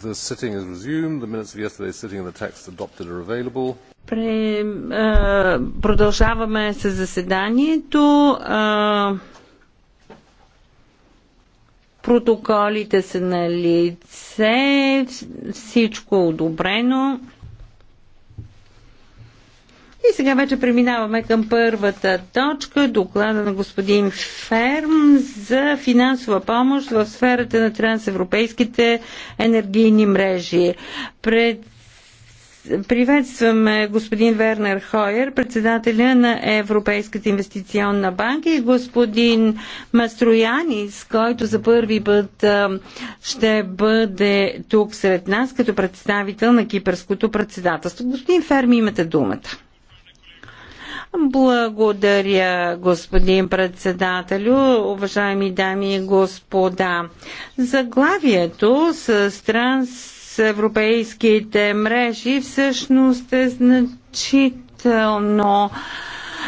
The sitting is resumed. The minutes of yesterday's sitting and the text adopted are available. Пре, а, продължаваме с заседанието. А, протоколите са на лице, всичко е одобрено. И сега вече преминаваме към първата точка, доклада на господин Ферм за финансова помощ в сферата на трансевропейските енергийни мрежи. Пред Приветстваме господин Вернер Хойер, председателя на Европейската инвестиционна банка и господин Мастроянис, който за първи път ще бъде тук сред нас като представител на кипърското председателство. Господин Ферми, имате думата. Благодаря, господин председателю, уважаеми дами и господа. Заглавието с трансевропейските мрежи всъщност е значително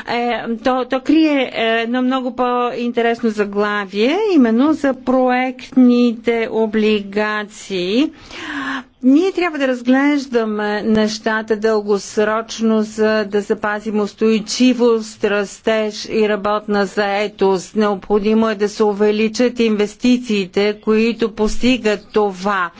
е, то, то крие едно много по-интересно заглавие, именно за проектните облигации. Ние трябва да разглеждаме нещата дългосрочно, за да запазим устойчивост, растеж и работна заетост. Необходимо е да се увеличат инвестициите, които постигат това.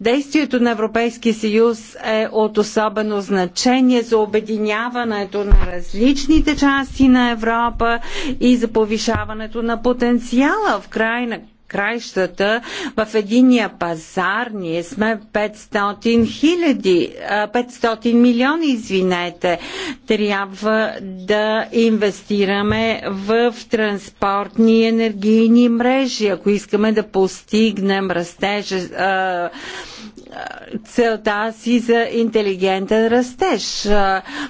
Действието на Европейския съюз е от особено значение за обединяването на различните части на Европа и за повишаването на потенциала в крайна краищата в единия пазар ние сме 500 хиляди, 500 милиони, извинете. Трябва да инвестираме в транспортни и енергийни мрежи, ако искаме да постигнем растеж, целта си за интелигентен растеж.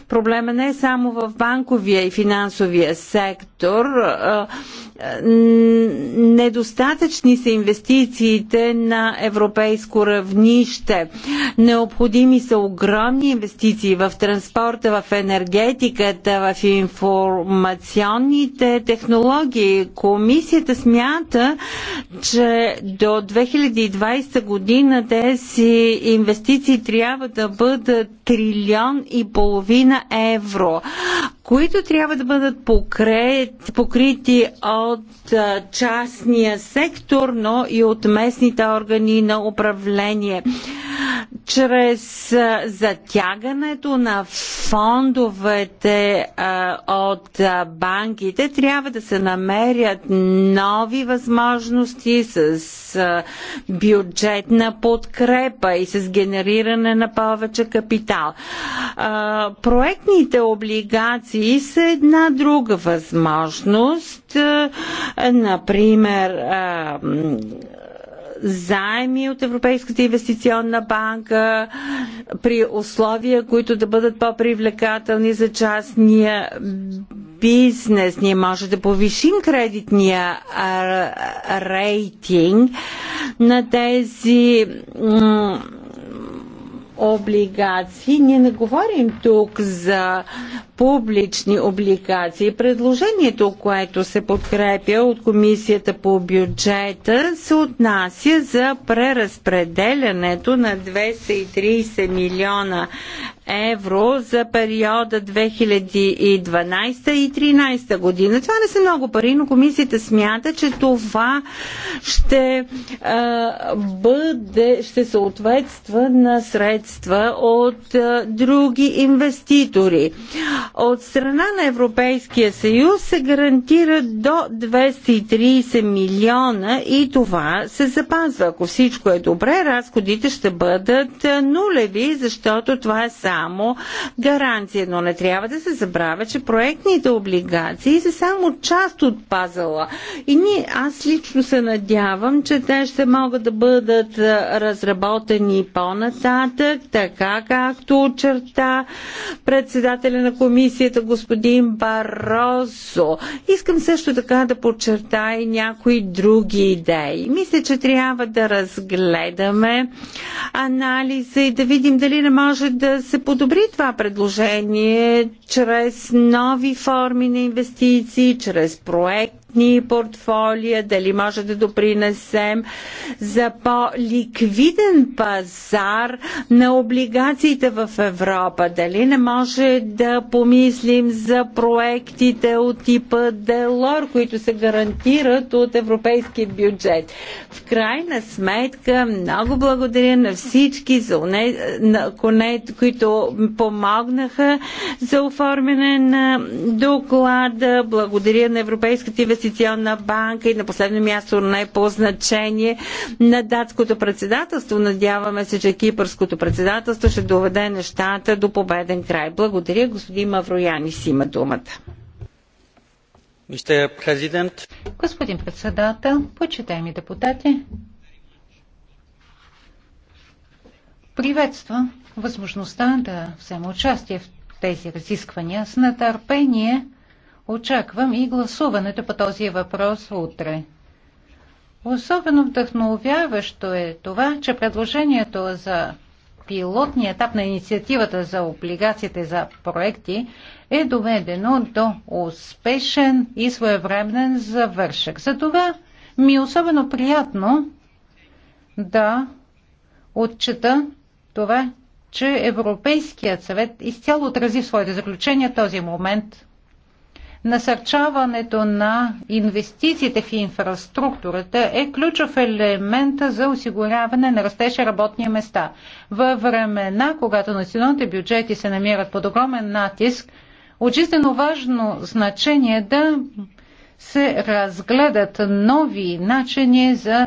Проблема не е само в банковия и финансовия сектор, сектор. Недостатъчни са инвестициите на европейско равнище. Необходими са огромни инвестиции в транспорта, в енергетиката, в информационните технологии. Комисията смята, че до 2020 година тези инвестиции трябва да бъдат трилион и половина евро, които трябва да бъдат покрени покрити от частния сектор, но и от местните органи на управление. Чрез затягането на фондовете от банките трябва да се намерят нови възможности с бюджетна подкрепа и с генериране на повече капитал. Проектните облигации са една друга възможност възможност, е, например, е, заеми от Европейската инвестиционна банка при условия, които да бъдат по-привлекателни за частния бизнес. Ние може да повишим кредитния рейтинг на тези облигации. Ние не говорим тук за публични облигации. Предложението, което се подкрепя от Комисията по бюджета, се отнася за преразпределянето на 230 милиона евро за периода 2012 и 2013 година. Това не са много пари, но комисията смята, че това ще а, бъде, ще съответства на средства от а, други инвеститори. От страна на Европейския съюз се гарантира до 230 милиона и това се запазва. Ако всичко е добре, разходите ще бъдат нулеви, защото това е само само гаранция, но не трябва да се забравя, че проектните облигации са само част от пазала. И ние, аз лично се надявам, че те ще могат да бъдат разработени по-нататък, така както очерта председателя на комисията господин Барозо. Искам също така да подчертая и някои други идеи. Мисля, че трябва да разгледаме анализа и да видим дали не може да се подобри това предложение чрез нови форми на инвестиции, чрез проекти, кредитни портфолия, дали може да допринесем за по-ликвиден пазар на облигациите в Европа, дали не може да помислим за проектите от типа Делор, които се гарантират от европейски бюджет. В крайна сметка, много благодаря на всички, за уне, на коне, които помогнаха за оформяне на доклада. Благодаря на Европейската инвестиция инвестиционна банка и на последно място не по значение на датското председателство. Надяваме се, че кипърското председателство ще доведе нещата до победен край. Благодаря, господин Маврояни си има думата. Господин председател, почитаеми депутати, приветствам възможността да взема участие в тези разисквания. С нетърпение Очаквам и гласуването по този въпрос утре. Особено вдъхновяващо е това, че предложението за пилотния етап на инициативата за облигациите за проекти е доведено до успешен и своевременен завършък. Затова ми е особено приятно да отчета това, че Европейският съвет изцяло отрази в своите заключения този момент Насърчаването на инвестициите в инфраструктурата е ключов елемент за осигуряване на растежа работни места. Във времена, когато националните бюджети се намират под огромен натиск, очистено важно значение е да се разгледат нови начини за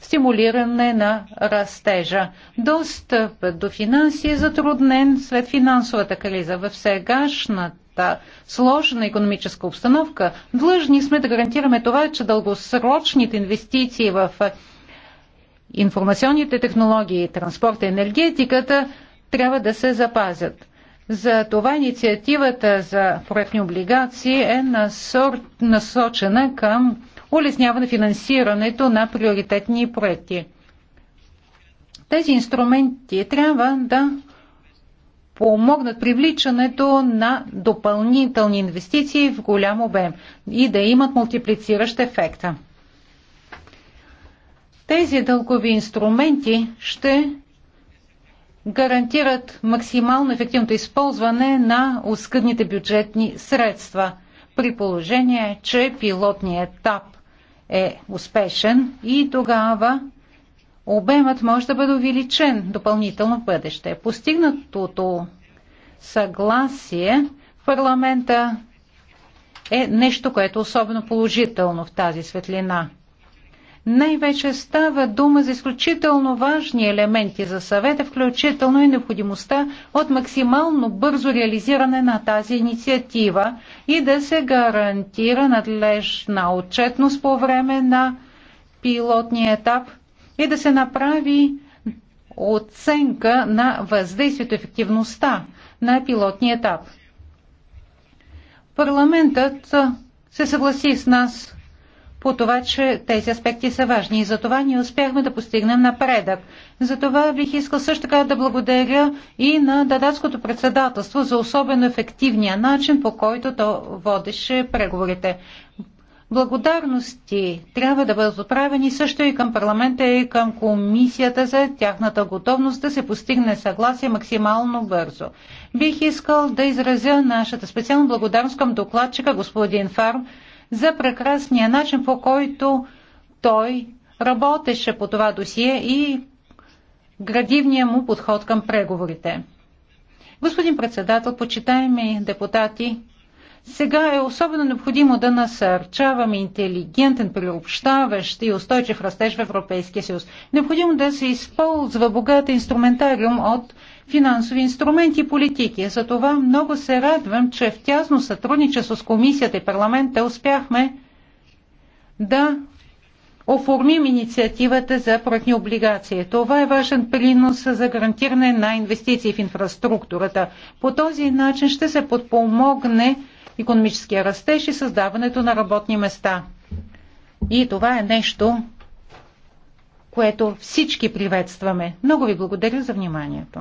стимулиране на растежа. Достъп до финанси е затруднен след финансовата криза. В сегашната та сложна економическа обстановка, длъжни сме да гарантираме това, че дългосрочните инвестиции в информационните технологии, транспорта и енергетиката трябва да се запазят. За това инициативата за проектни облигации е насор... насочена към улесняване финансирането на приоритетни проекти. Тези инструменти трябва да помогнат привличането на допълнителни инвестиции в голям обем и да имат мултиплициращ ефекта. Тези дългови инструменти ще гарантират максимално ефективното използване на оскъдните бюджетни средства, при положение, че пилотният етап е успешен и тогава обемът може да бъде увеличен допълнително в бъдеще. Постигнатото съгласие в парламента е нещо, което е особено положително в тази светлина. Най-вече става дума за изключително важни елементи за съвета, включително и необходимостта от максимално бързо реализиране на тази инициатива и да се гарантира надлежна отчетност по време на пилотния етап – е да се направи оценка на въздействието ефективността на пилотния етап. Парламентът се съгласи с нас по това, че тези аспекти са важни и за това ние успяхме да постигнем напредък. За това бих искал също така да благодаря и на дадатското председателство за особено ефективния начин, по който то водеше преговорите. Благодарности трябва да бъдат отправени също и към парламента и към комисията за тяхната готовност да се постигне съгласие максимално бързо. Бих искал да изразя нашата специална благодарност към докладчика господин Фарм за прекрасния начин по който той работеше по това досие и градивния му подход към преговорите. Господин председател, почитаеми депутати, сега е особено необходимо да насърчаваме интелигентен, приобщаващ и устойчив растеж в Европейския съюз. Необходимо да се използва богат инструментариум от финансови инструменти и политики. Затова много се радвам, че в тясно сътрудничество с комисията и парламента успяхме да оформим инициативата за проектни облигации. Това е важен принос за гарантиране на инвестиции в инфраструктурата. По този начин ще се подпомогне економическия растеж и създаването на работни места. И това е нещо, което всички приветстваме. Много ви благодаря за вниманието.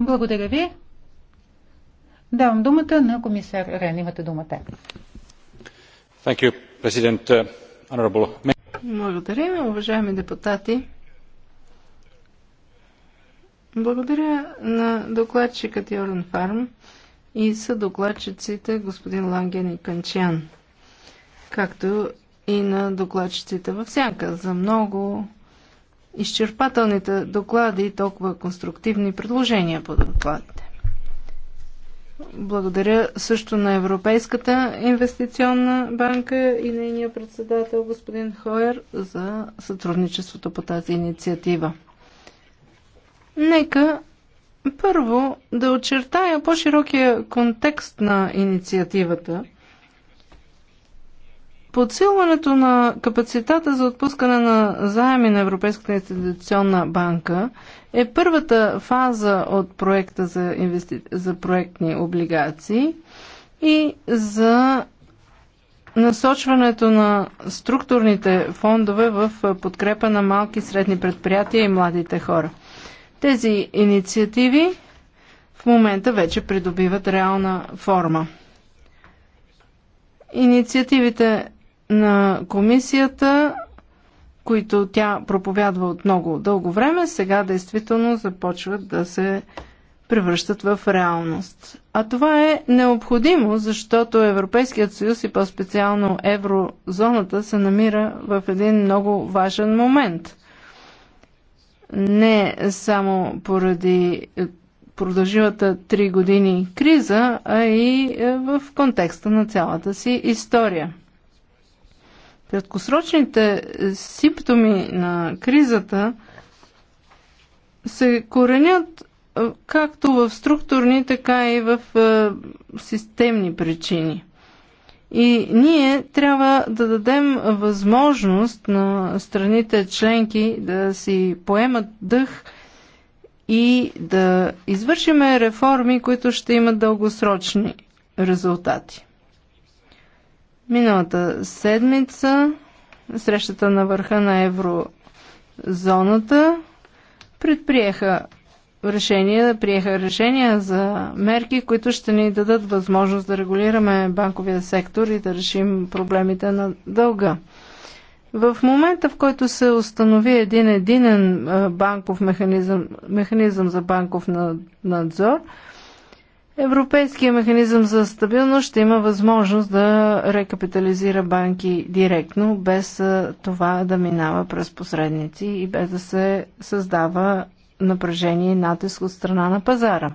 Благодаря ви. Давам думата на комисар Рен. Имате думата. You, uh, благодаря, уважаеми депутати. Благодаря на докладчикът Йорн Фарм и са докладчиците господин Ланген и Канчан, както и на докладчиците в сянка за много изчерпателните доклади и толкова конструктивни предложения по докладите. Благодаря също на Европейската инвестиционна банка и нейния председател господин Хойер за сътрудничеството по тази инициатива. Нека първо, да очертая по-широкия контекст на инициативата. Подсилването на капацитета за отпускане на заеми на Европейската институционна банка е първата фаза от проекта за, инвести... за проектни облигации и за насочването на структурните фондове в подкрепа на малки и средни предприятия и младите хора – тези инициативи в момента вече придобиват реална форма. Инициативите на комисията, които тя проповядва от много дълго време, сега действително започват да се превръщат в реалност. А това е необходимо, защото Европейският съюз и по-специално еврозоната се намира в един много важен момент – не само поради е, продължилата три години криза, а и е, в контекста на цялата си история. Краткосрочните симптоми на кризата се коренят е, както в структурни, така и в системни причини. И ние трябва да дадем възможност на страните членки да си поемат дъх и да извършиме реформи, които ще имат дългосрочни резултати. Миналата седмица срещата на върха на еврозоната предприеха решения, приеха решения за мерки, които ще ни дадат възможност да регулираме банковия сектор и да решим проблемите на дълга. В момента, в който се установи един единен банков механизъм, механизъм за банков надзор, Европейския механизъм за стабилност ще има възможност да рекапитализира банки директно, без това да минава през посредници и без да се създава напрежение и натиск от страна на пазара.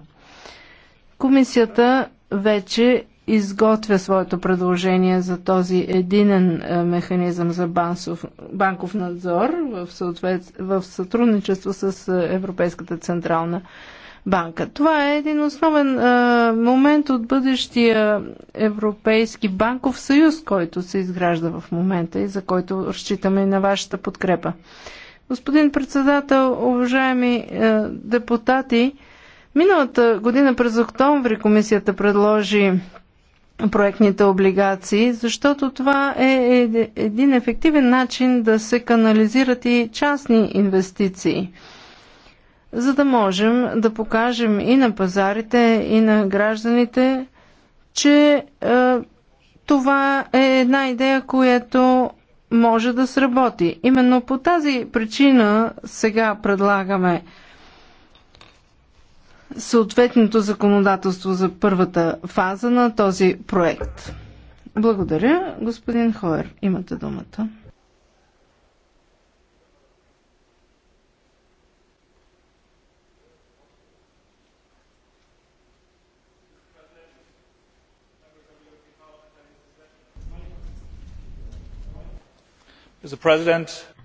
Комисията вече изготвя своето предложение за този единен е, механизъм за банков надзор в, сътрудничество с е, Европейската централна банка. Това е един основен е, момент от бъдещия Европейски банков съюз, който се изгражда в момента и за който разчитаме и на вашата подкрепа. Господин председател, уважаеми е, депутати, миналата година през октомври комисията предложи проектните облигации, защото това е един ефективен начин да се канализират и частни инвестиции, за да можем да покажем и на пазарите, и на гражданите, че е, това е една идея, която може да сработи. Именно по тази причина сега предлагаме съответното законодателство за първата фаза на този проект. Благодаря, господин Хоер. Имате думата.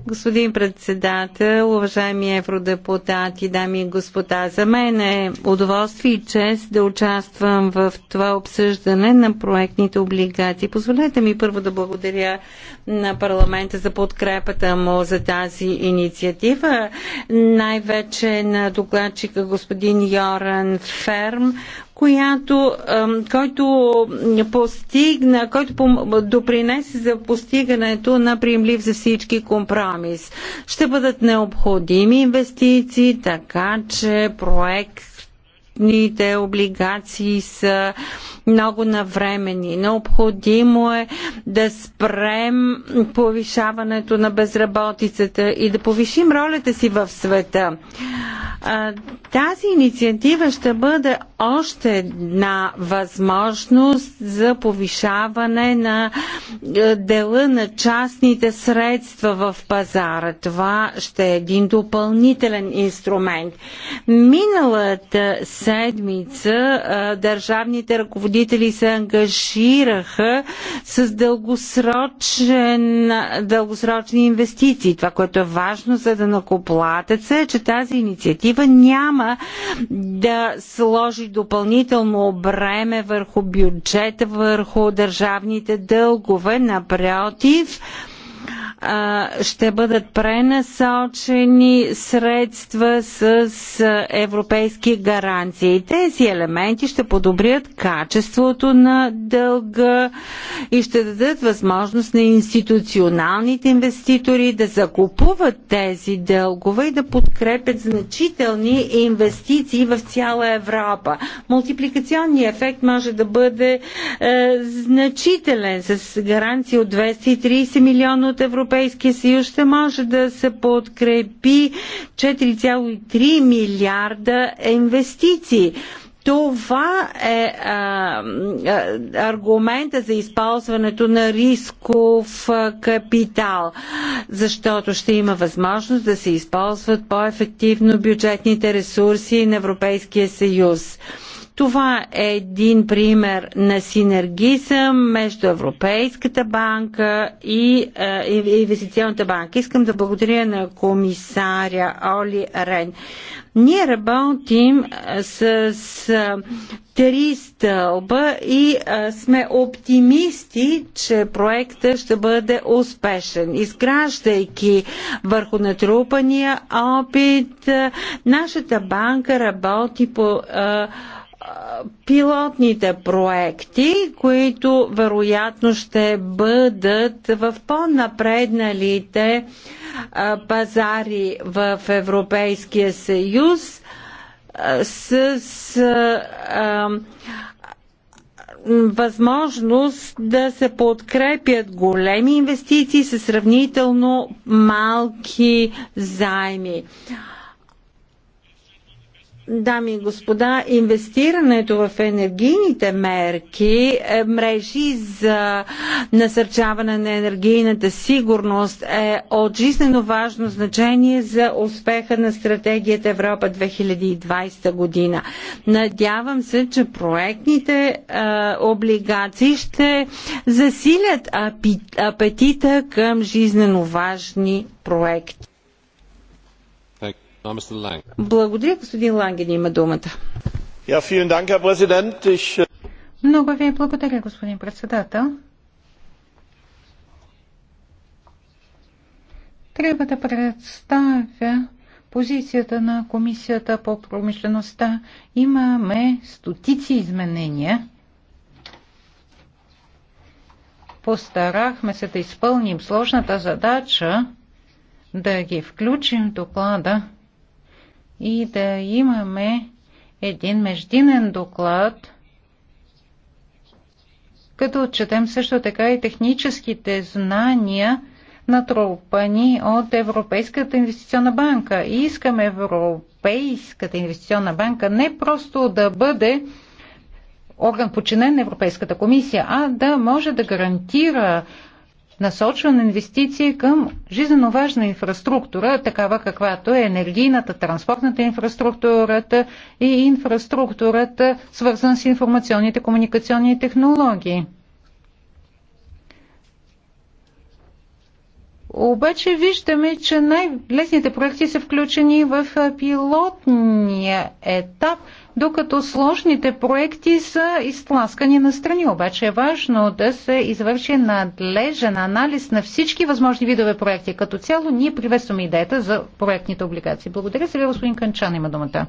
Господин председател, уважаеми евродепутати, дами и господа, за мен е удоволствие и чест да участвам в това обсъждане на проектните облигации. Позволете ми първо да благодаря на парламента за подкрепата му за тази инициатива, най-вече на докладчика господин Йоран Ферм, която, който постигна, който допринесе за постигането на приемлив за всички компромис. Ще бъдат необходими инвестиции, така че проект кредитните облигации са много навремени. Необходимо е да спрем повишаването на безработицата и да повишим ролята си в света. Тази инициатива ще бъде още една възможност за повишаване на е, дела на частните средства в пазара. Това ще е един допълнителен инструмент. Миналата седмица държавните ръководители се ангажираха с дългосрочен, дългосрочни инвестиции. Това, което е важно за да се е, че тази инициатива няма да сложи допълнително бреме върху бюджета, върху държавните дългове. Напротив, ще бъдат пренасочени средства с европейски гаранции. Тези елементи ще подобрят качеството на дълга и ще дадат възможност на институционалните инвеститори да закупуват тези дългове и да подкрепят значителни инвестиции в цяла Европа. Мултипликационният ефект може да бъде е, значителен с гаранции от 230 милиона от европейски Европейския съюз ще може да се подкрепи 4,3 милиарда инвестиции. Това е а, а, аргумента за използването на рисков капитал, защото ще има възможност да се използват по-ефективно бюджетните ресурси на Европейския съюз. Това е един пример на синергизъм между Европейската банка и е, Инвестиционната банка. Искам да благодаря на комисаря Оли Рен. Ние работим е, с, с е, три стълба и а, е, сме оптимисти, че проекта ще бъде успешен. Изграждайки върху натрупания опит, а, нашата банка работи по а, пилотните проекти, които вероятно ще бъдат в по-напредналите пазари в Европейския съюз с възможност да се подкрепят големи инвестиции с сравнително малки А, Дами и господа, инвестирането в енергийните мерки, е, мрежи за насърчаване на енергийната сигурност е от жизнено важно значение за успеха на стратегията Европа 2020 година. Надявам се, че проектните е, облигации ще засилят апетита към жизнено важни проекти. Благодаря, господин Ланген има думата. Äh, Много ви благодаря, господин председател. Трябва да представя позицията на Комисията по промишлеността. Имаме стотици изменения. Постарахме се да изпълним сложната задача да ги включим в доклада и да имаме един междинен доклад, като отчетем също така и техническите знания, натрупани от Европейската инвестиционна банка. И искаме Европейската инвестиционна банка не просто да бъде орган подчинен на Европейската комисия, а да може да гарантира насочване инвестиции към жизненно важна инфраструктура, такава каквато е енергийната, транспортната инфраструктурата и инфраструктурата, свързана с информационните комуникационни технологии. Обаче виждаме, че най-лесните проекти са включени в пилотния етап – докато сложните проекти са изтласкани на страни. Обаче е важно да се извърши надлежен анализ на всички възможни видове проекти. Като цяло ние приветстваме идеята за проектните облигации. Благодаря сега, господин Канчан има думата.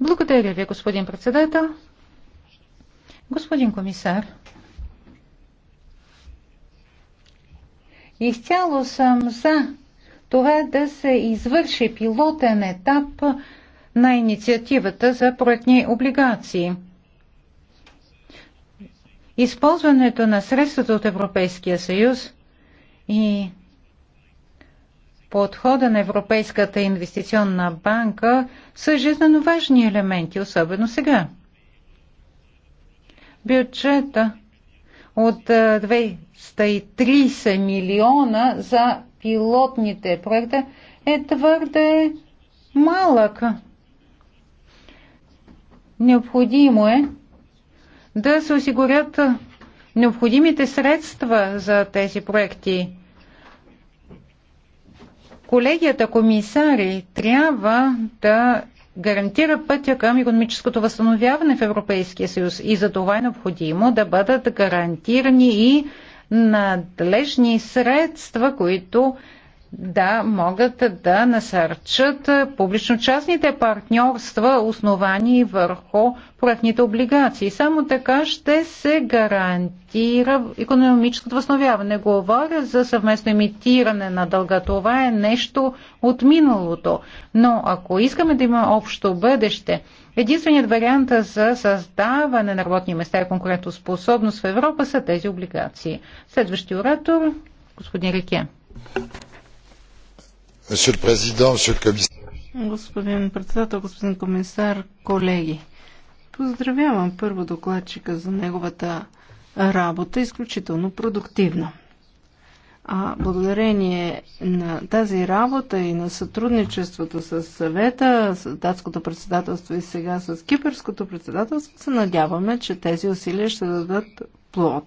Благодаря ви, господин председател. Господин комисар, изцяло съм за това да се извърши пилотен етап на инициативата за проектни облигации. Използването на средствата от Европейския съюз и подхода на Европейската инвестиционна банка са жизненно важни елементи, особено сега. Бюджета от 230 милиона за пилотните проекта е твърде малък. Необходимо е да се осигурят необходимите средства за тези проекти. Колегията комисари трябва да гарантира пътя към економическото възстановяване в Европейския съюз и за това е необходимо да бъдат гарантирани и надлежни средства, които да могат да насърчат публично-частните партньорства, основани върху проектните облигации. Само така ще се гарантира економическото възстановяване. Говоря за съвместно имитиране на дълга. Това е нещо от миналото. Но ако искаме да има общо бъдеще, единственият вариант за създаване на работни места и конкурентоспособност в Европа са тези облигации. Следващи оратор, господин Рике. Господин председател, господин комисар, колеги. Поздравявам първо докладчика за неговата работа, изключително продуктивна. А благодарение на тази работа и на сътрудничеството с съвета, с датското председателство и сега с кипърското председателство, се надяваме, че тези усилия ще дадат плод.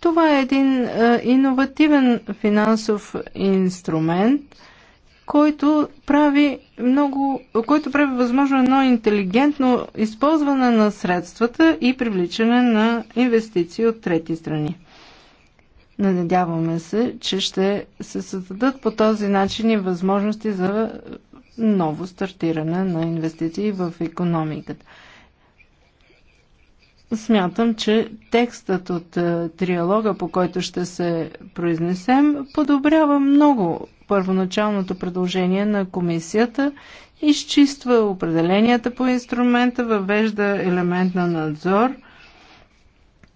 Това е един е, иновативен финансов инструмент, който прави много, който прави възможно едно интелигентно използване на средствата и привличане на инвестиции от трети страни. Надяваме се, че ще се създадат по този начин и възможности за ново стартиране на инвестиции в економиката смятам, че текстът от е, триалога, по който ще се произнесем, подобрява много първоначалното предложение на комисията, изчиства определенията по инструмента, въвежда елемент на надзор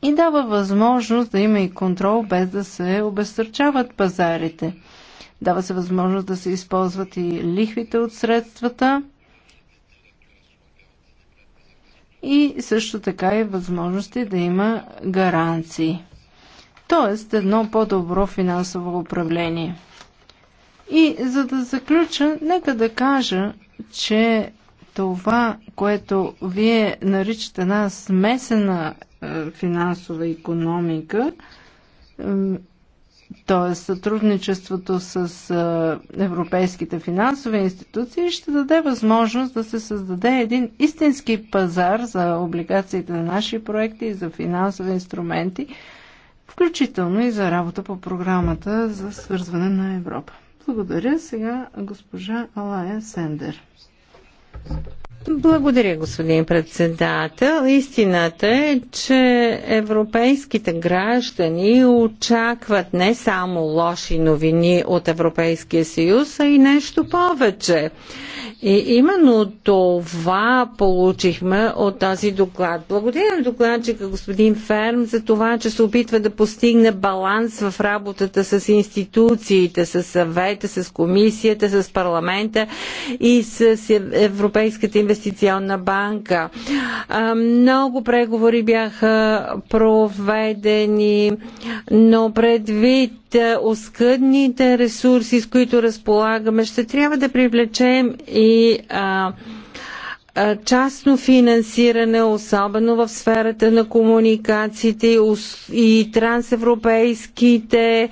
и дава възможност да има и контрол без да се обесърчават пазарите. Дава се възможност да се използват и лихвите от средствата – и също така и възможности да има гаранции. Тоест едно по-добро финансово управление. И за да заключа, нека да кажа, че това, което вие наричате една смесена е, финансова економика, т.е. сътрудничеството с европейските финансови институции, ще даде възможност да се създаде един истински пазар за облигациите на наши проекти и за финансови инструменти, включително и за работа по програмата за свързване на Европа. Благодаря. Сега госпожа Алая Сендер. Благодаря, господин председател. Истината е, че европейските граждани очакват не само лоши новини от Европейския съюз, а и нещо повече. И именно това получихме от този доклад. Благодаря на докладчика господин Ферм за това, че се опитва да постигне баланс в работата с институциите, с съвета, с комисията, с парламента и с Европейската инвестиция инвестиционна банка. Много преговори бяха проведени, но предвид оскъдните ресурси, с които разполагаме, ще трябва да привлечем и а, частно финансиране, особено в сферата на комуникациите и трансевропейските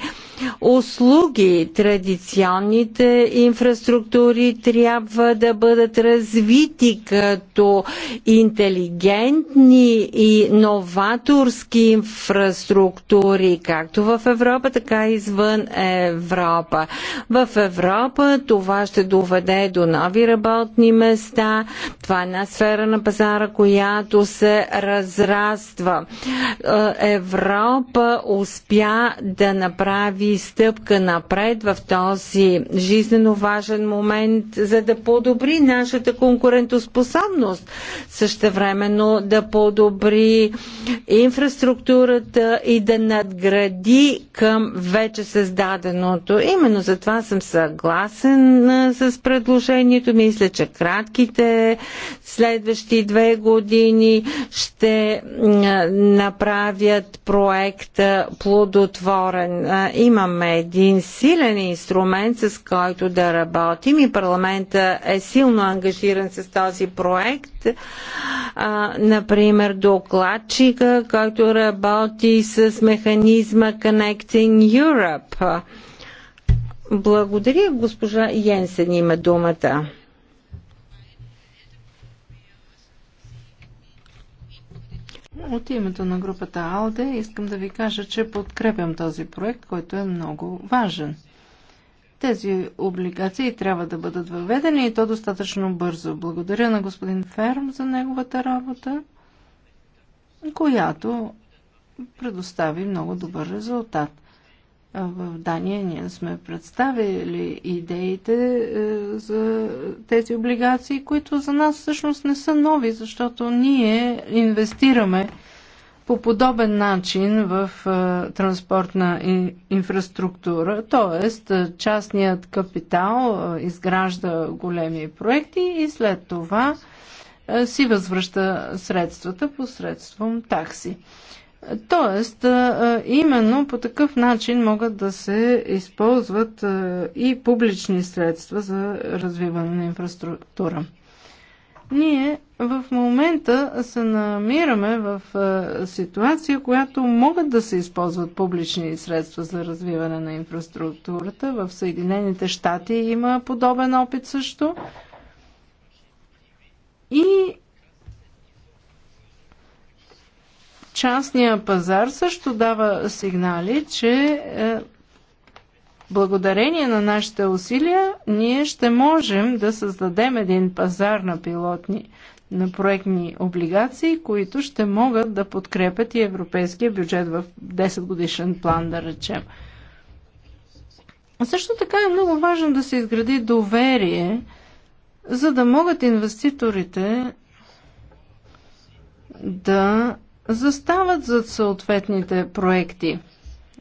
услуги. Традиционните инфраструктури трябва да бъдат развити като интелигентни и новаторски инфраструктури, както в Европа, така и извън Европа. В Европа това ще доведе до нови работни места, това това е една сфера на пазара, която се разраства. Е, Европа успя да направи стъпка напред в този жизненно важен момент, за да подобри нашата конкурентоспособност. Същевременно да подобри инфраструктурата и да надгради към вече създаденото. Именно за това съм съгласен с предложението. Мисля, че кратките следващи две години ще направят проекта плодотворен. Имаме един силен инструмент, с който да работим и парламента е силно ангажиран с този проект. Например, докладчика, който работи с механизма Connecting Europe. Благодаря, госпожа Йенсен има думата. От името на групата АЛДЕ искам да ви кажа, че подкрепям този проект, който е много важен. Тези облигации трябва да бъдат въведени и то достатъчно бързо. Благодаря на господин Ферм за неговата работа, която предостави много добър резултат. В Дания ние сме представили идеите е, за тези облигации, които за нас всъщност не са нови, защото ние инвестираме по подобен начин в е, транспортна инфраструктура, т.е. частният капитал е, изгражда големи проекти и след това си възвръща средствата посредством такси. Тоест, именно по такъв начин могат да се използват и публични средства за развиване на инфраструктура. Ние в момента се намираме в ситуация, която могат да се използват публични средства за развиване на инфраструктурата. В Съединените щати има подобен опит също. И частния пазар също дава сигнали, че е, благодарение на нашите усилия ние ще можем да създадем един пазар на пилотни на проектни облигации, които ще могат да подкрепят и европейския бюджет в 10 годишен план, да речем. Също така е много важно да се изгради доверие, за да могат инвеститорите да застават зад съответните проекти,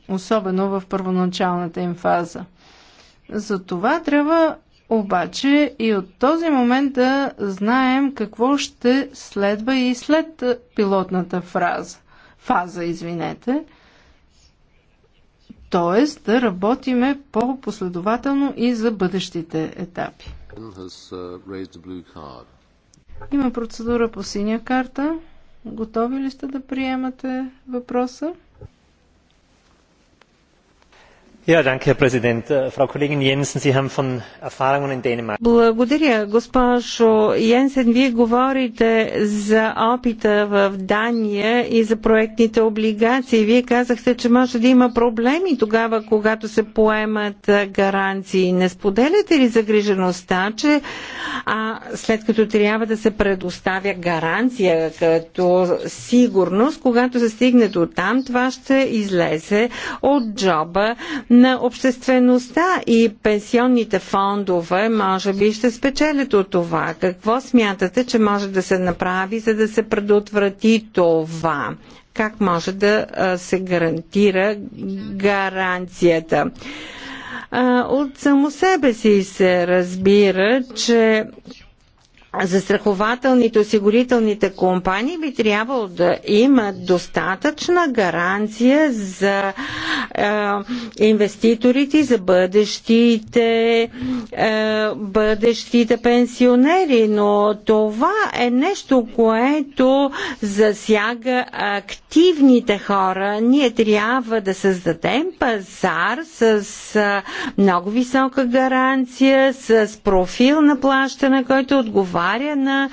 особено в първоначалната им фаза. За това трябва обаче и от този момент да знаем какво ще следва и след пилотната фраза, фаза, извинете. Тоест да работиме по-последователно и за бъдещите етапи. Uh, Има процедура по синя карта. Готови ли сте да приемате въпроса? Herr Präsident. Äh, Frau Kollegin Jensen, Sie haben von Erfahrungen in Dänemark. Благодаря, госпожо Йенсен. Вие говорите за опита в Дания и за проектните облигации. Вие казахте, че може да има проблеми тогава, когато се поемат гаранции. Не споделяте ли загрижеността, че а, след като трябва да се предоставя гаранция като сигурност, когато се стигне до там, това ще излезе от джоба на обществеността и пенсионните фондове може би ще спечелят от това. Какво смятате, че може да се направи, за да се предотврати това? Как може да се гарантира гаранцията? От само себе си се разбира, че застрахователните осигурителните компании би трябвало да имат достатъчна гаранция за е, инвеститорите за бъдещите, е, бъдещите пенсионери, но това е нещо, което засяга активните хора. Ние трябва да създадем пазар с е, много висока гаранция, с профил на плащане, който отговаря отговаря на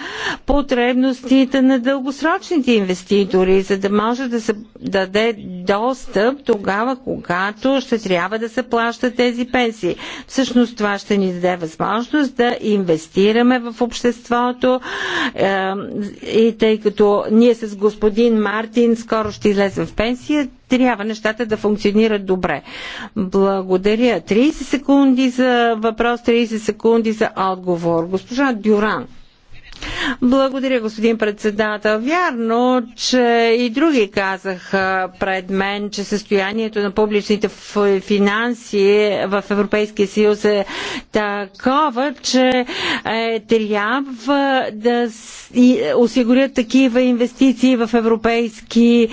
потребностите на дългосрочните инвеститори, за да може да се даде достъп тогава, когато ще трябва да се плащат тези пенсии. Всъщност това ще ни даде възможност да инвестираме в обществото е, и тъй като ние с господин Мартин скоро ще излезем в пенсия, трябва нещата да функционират добре. Благодаря. 30 секунди за въпрос, 30 секунди за отговор. Госпожа Дюран. Благодаря, господин председател. Вярно, че и други казаха пред мен, че състоянието на публичните финанси в Европейския съюз е такова, че е, трябва да осигурят такива инвестиции в европейски е,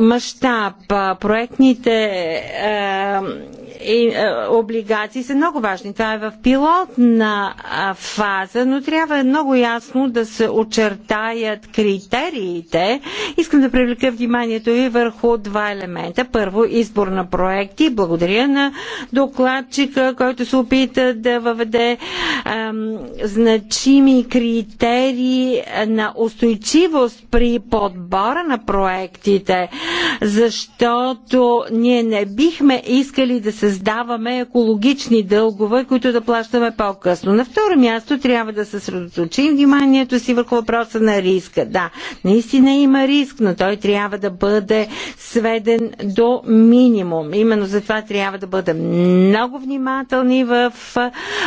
мащаб. Проектните е, и, а, е, облигации са много важни. Това е в пилотна а, фаза, но трябва много ясно да се очертаят критериите. Искам да привлека вниманието ви върху два елемента. Първо, избор на проекти. Благодаря на докладчика, който се опита да въведе а, значими критерии на устойчивост при подбора на проектите, защото ние не бихме искали да се създаваме екологични дългове, които да плащаме по-късно. На второ място трябва да съсредоточим вниманието си върху въпроса на риска. Да, наистина има риск, но той трябва да бъде сведен до минимум. Именно за това трябва да бъдем много внимателни в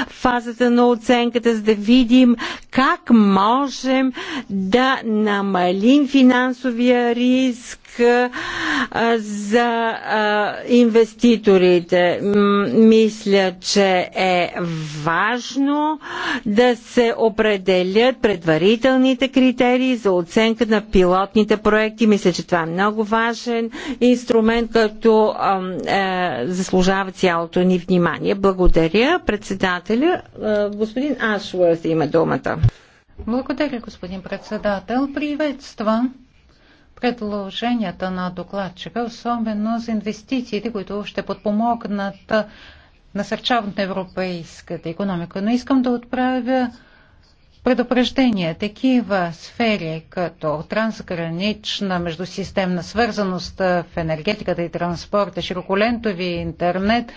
фазата на оценката, за да видим как можем да намалим финансовия риск за инвеститорите. Мисля, че е важно да се определят предварителните критерии за оценка на пилотните проекти. Мисля, че това е много важен инструмент, който е, заслужава цялото ни внимание. Благодаря. Председателя, господин Ашуърс има думата. Благодаря, господин председател. Приветствам предложенията на докладчика, особено за инвестициите, които ще подпомогнат насърчаването на европейската економика. Но искам да отправя предупреждение. Такива сфери, като трансгранична междусистемна свързаност в енергетиката и транспорта, широколентови интернет,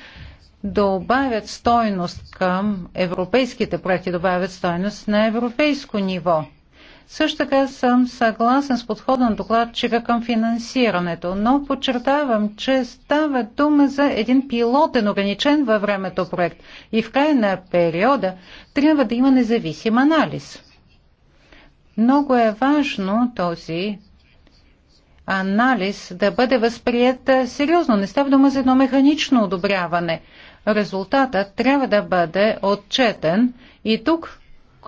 добавят стойност към европейските проекти, добавят стойност на европейско ниво. Също така съм съгласен с подхода на докладчика към финансирането, но подчертавам, че става дума за един пилотен, ограничен във времето проект и в края на периода трябва да има независим анализ. Много е важно този анализ да бъде възприят сериозно. Не става дума за едно механично одобряване. Резултатът трябва да бъде отчетен и тук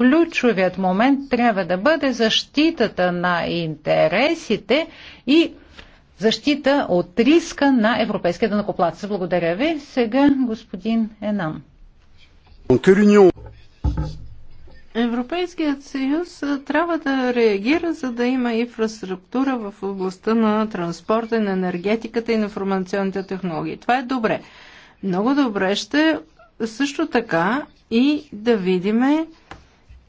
ключовият момент трябва да бъде защитата на интересите и защита от риска на европейския данакоплатец. Благодаря ви. Сега господин Енам. Европейският съюз трябва да реагира, за да има инфраструктура в областта на транспорта, на енергетиката и на информационните технологии. Това е добре. Много добре ще също така и да видиме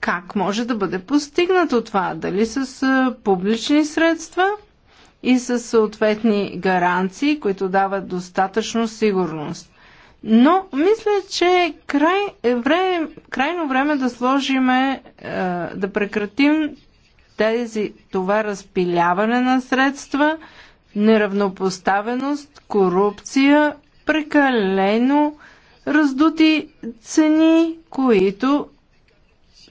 как може да бъде постигнато това? Дали с публични средства и с съответни гаранции, които дават достатъчно сигурност? Но мисля, че край, време, крайно време да сложиме, да прекратим тези, това разпиляване на средства, неравнопоставеност, корупция, прекалено раздути цени, които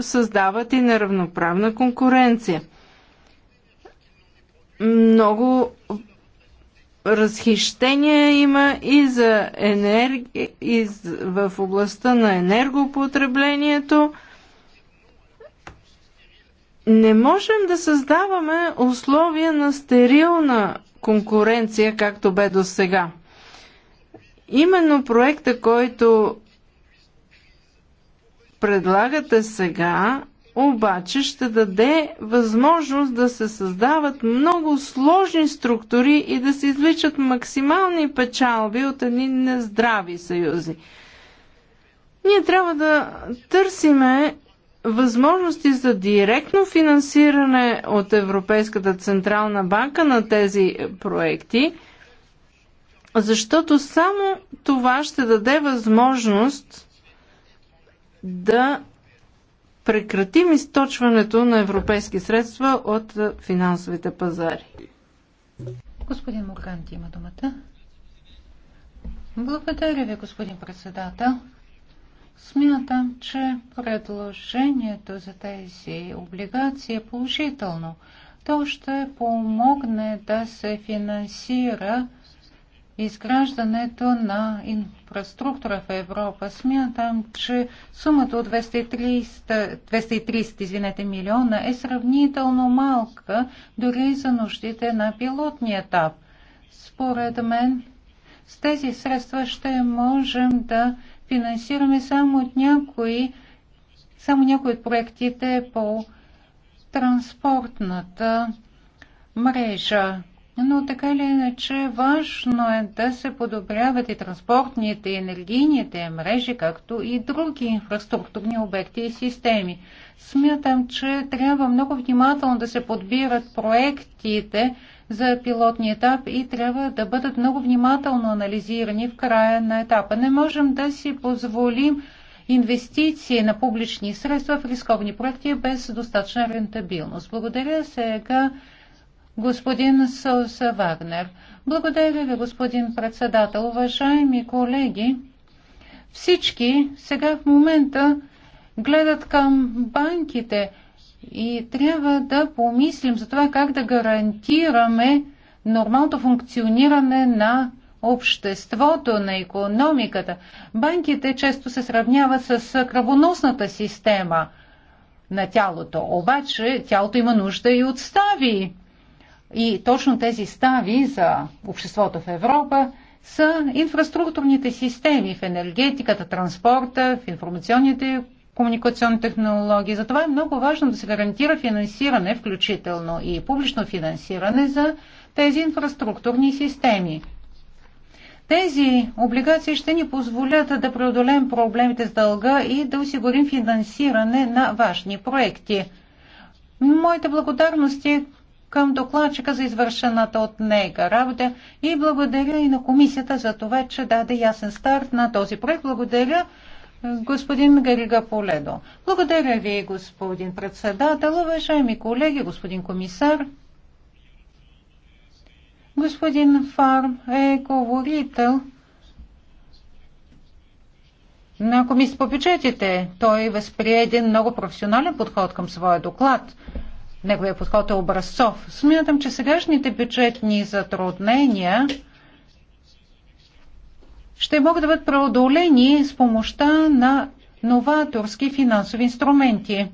създават и неравноправна конкуренция. Много разхищения има и, за енерг... и в областта на енергопотреблението. Не можем да създаваме условия на стерилна конкуренция, както бе до сега. Именно проекта, който предлагате сега, обаче ще даде възможност да се създават много сложни структури и да се извличат максимални печалби от едни нездрави съюзи. Ние трябва да търсиме възможности за директно финансиране от Европейската централна банка на тези проекти, защото само това ще даде възможност да прекратим източването на европейски средства от финансовите пазари. Господин Мурган, има думата. Благодаря ви, господин председател. Смятам, че предложението за тези облигации е положително. То ще помогне да се финансира изграждането на инфраструктура в Европа. Смятам, че сумата от 230, 230 извинете, милиона е сравнително малка дори за нуждите на пилотния етап. Според мен, с тези средства ще можем да финансираме само от някои, само някои от проектите по транспортната мрежа. Но така или иначе важно е да се подобряват и транспортните, и енергийните мрежи, както и други инфраструктурни обекти и системи. Смятам, че трябва много внимателно да се подбират проектите за пилотния етап и трябва да бъдат много внимателно анализирани в края на етапа. Не можем да си позволим инвестиции на публични средства в рисковни проекти без достатъчна рентабилност. Благодаря сега господин Соуса Вагнер. Благодаря ви, господин председател. Уважаеми колеги, всички сега в момента гледат към банките и трябва да помислим за това как да гарантираме нормалното функциониране на обществото, на економиката. Банките често се сравняват с кръвоносната система на тялото, обаче тялото има нужда и от стави. И точно тези стави за обществото в Европа са инфраструктурните системи в енергетиката, транспорта, в информационните комуникационни технологии. Затова е много важно да се гарантира финансиране, включително и публично финансиране за тези инфраструктурни системи. Тези облигации ще ни позволят да преодолеем проблемите с дълга и да осигурим финансиране на важни проекти. Моите благодарности е към докладчика за извършената от нега работа и благодаря и на комисията за това, че даде ясен старт на този проект. Благодаря господин Гарига Поледо. Благодаря ви, господин председател, уважаеми колеги, господин комисар. Господин Фарм е говорител на комисията по бюджетите. Той възприе много професионален подход към своя доклад неговия подход е образцов. Смятам, че сегашните бюджетни затруднения ще могат да бъдат преодолени с помощта на новаторски финансови инструменти.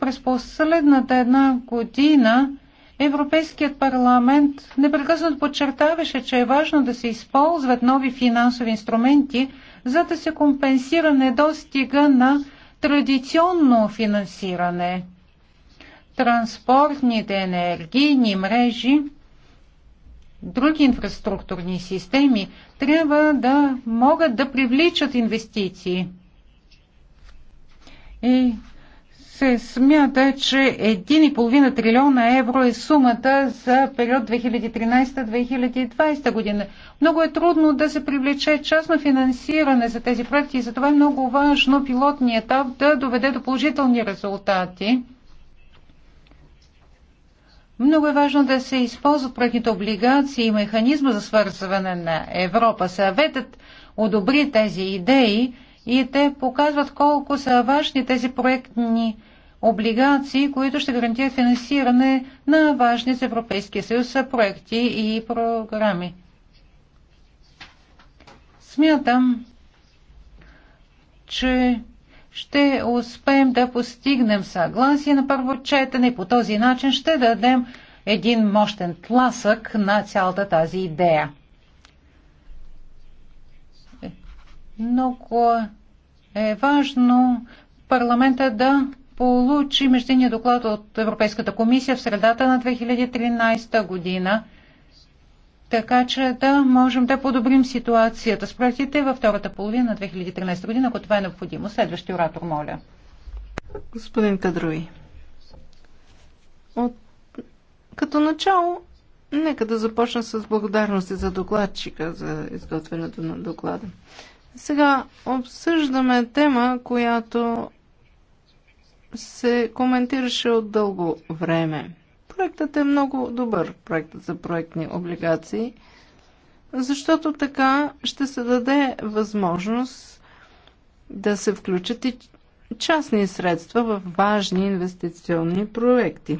През последната една година Европейският парламент непрекъснато подчертаваше, че е важно да се използват нови финансови инструменти, за да се компенсира недостига на традиционно финансиране – транспортните енергийни мрежи, други инфраструктурни системи трябва да могат да привличат инвестиции. И се смята, че 1,5 трилиона евро е сумата за период 2013-2020 година. Много е трудно да се привлече частно финансиране за тези проекти и затова е много важно пилотният етап да доведе до положителни резултати. Много е важно да се използват проектните облигации и механизма за свързване на Европа. Съветът одобри тези идеи и те показват колко са важни тези проектни облигации, които ще гарантират финансиране на важни за Европейския съюз проекти и програми. Смятам, че ще успеем да постигнем съгласие на първо четене и по този начин ще дадем един мощен тласък на цялата тази идея. Много е важно парламента да получи междинния доклад от Европейската комисия в средата на 2013 година – така че да можем да подобрим ситуацията с проектите във втората половина на 2013 година, ако това е необходимо. Следващия оратор, моля. Господин Кадруи, от... като начало, нека да започна с благодарности за докладчика, за изготвянето на доклада. Сега обсъждаме тема, която се коментираше от дълго време. Проектът е много добър, проектът за проектни облигации, защото така ще се даде възможност да се включат и частни средства в важни инвестиционни проекти,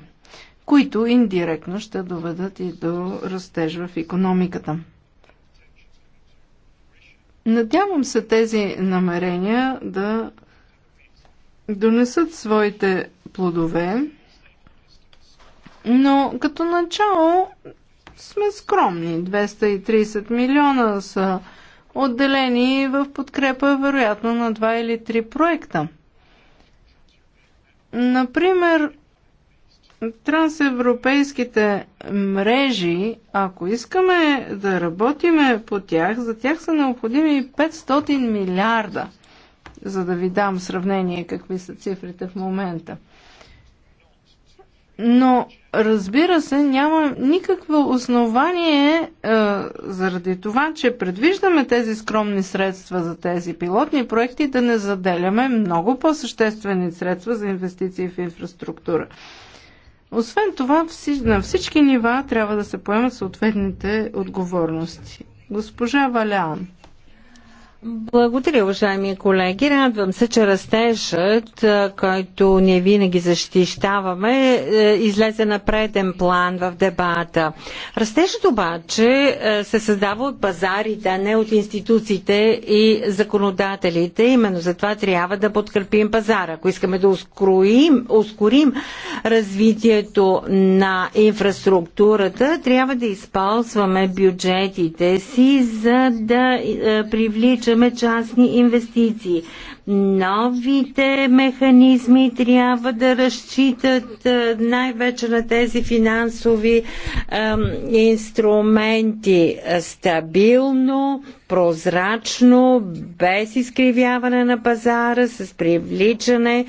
които индиректно ще доведат и до растеж в економиката. Надявам се тези намерения да донесат своите плодове но като начало сме скромни. 230 милиона са отделени в подкрепа, вероятно, на два или три проекта. Например, трансевропейските мрежи, ако искаме да работиме по тях, за тях са необходими 500 милиарда, за да ви дам сравнение какви са цифрите в момента – но, разбира се, няма никакво основание а, е, заради това, че предвиждаме тези скромни средства за тези пилотни проекти, да не заделяме много по-съществени средства за инвестиции в инфраструктура. Освен това, на всички нива трябва да се поемат съответните отговорности. Госпожа Валян. Благодаря, уважаеми колеги. Радвам се, че растежът, който ние винаги защищаваме, е, излезе на преден план в дебата. Растежът обаче се създава от пазарите, а не от институциите и законодателите. Именно за това трябва да подкрепим пазара. Ако искаме да ускорим, ускорим развитието на инфраструктурата, трябва да използваме бюджетите си, за да е, привличаме привличаме частни инвестиции новите механизми трябва да разчитат е, най-вече на тези финансови ем, инструменти стабилно, прозрачно, без изкривяване на пазара, с привличане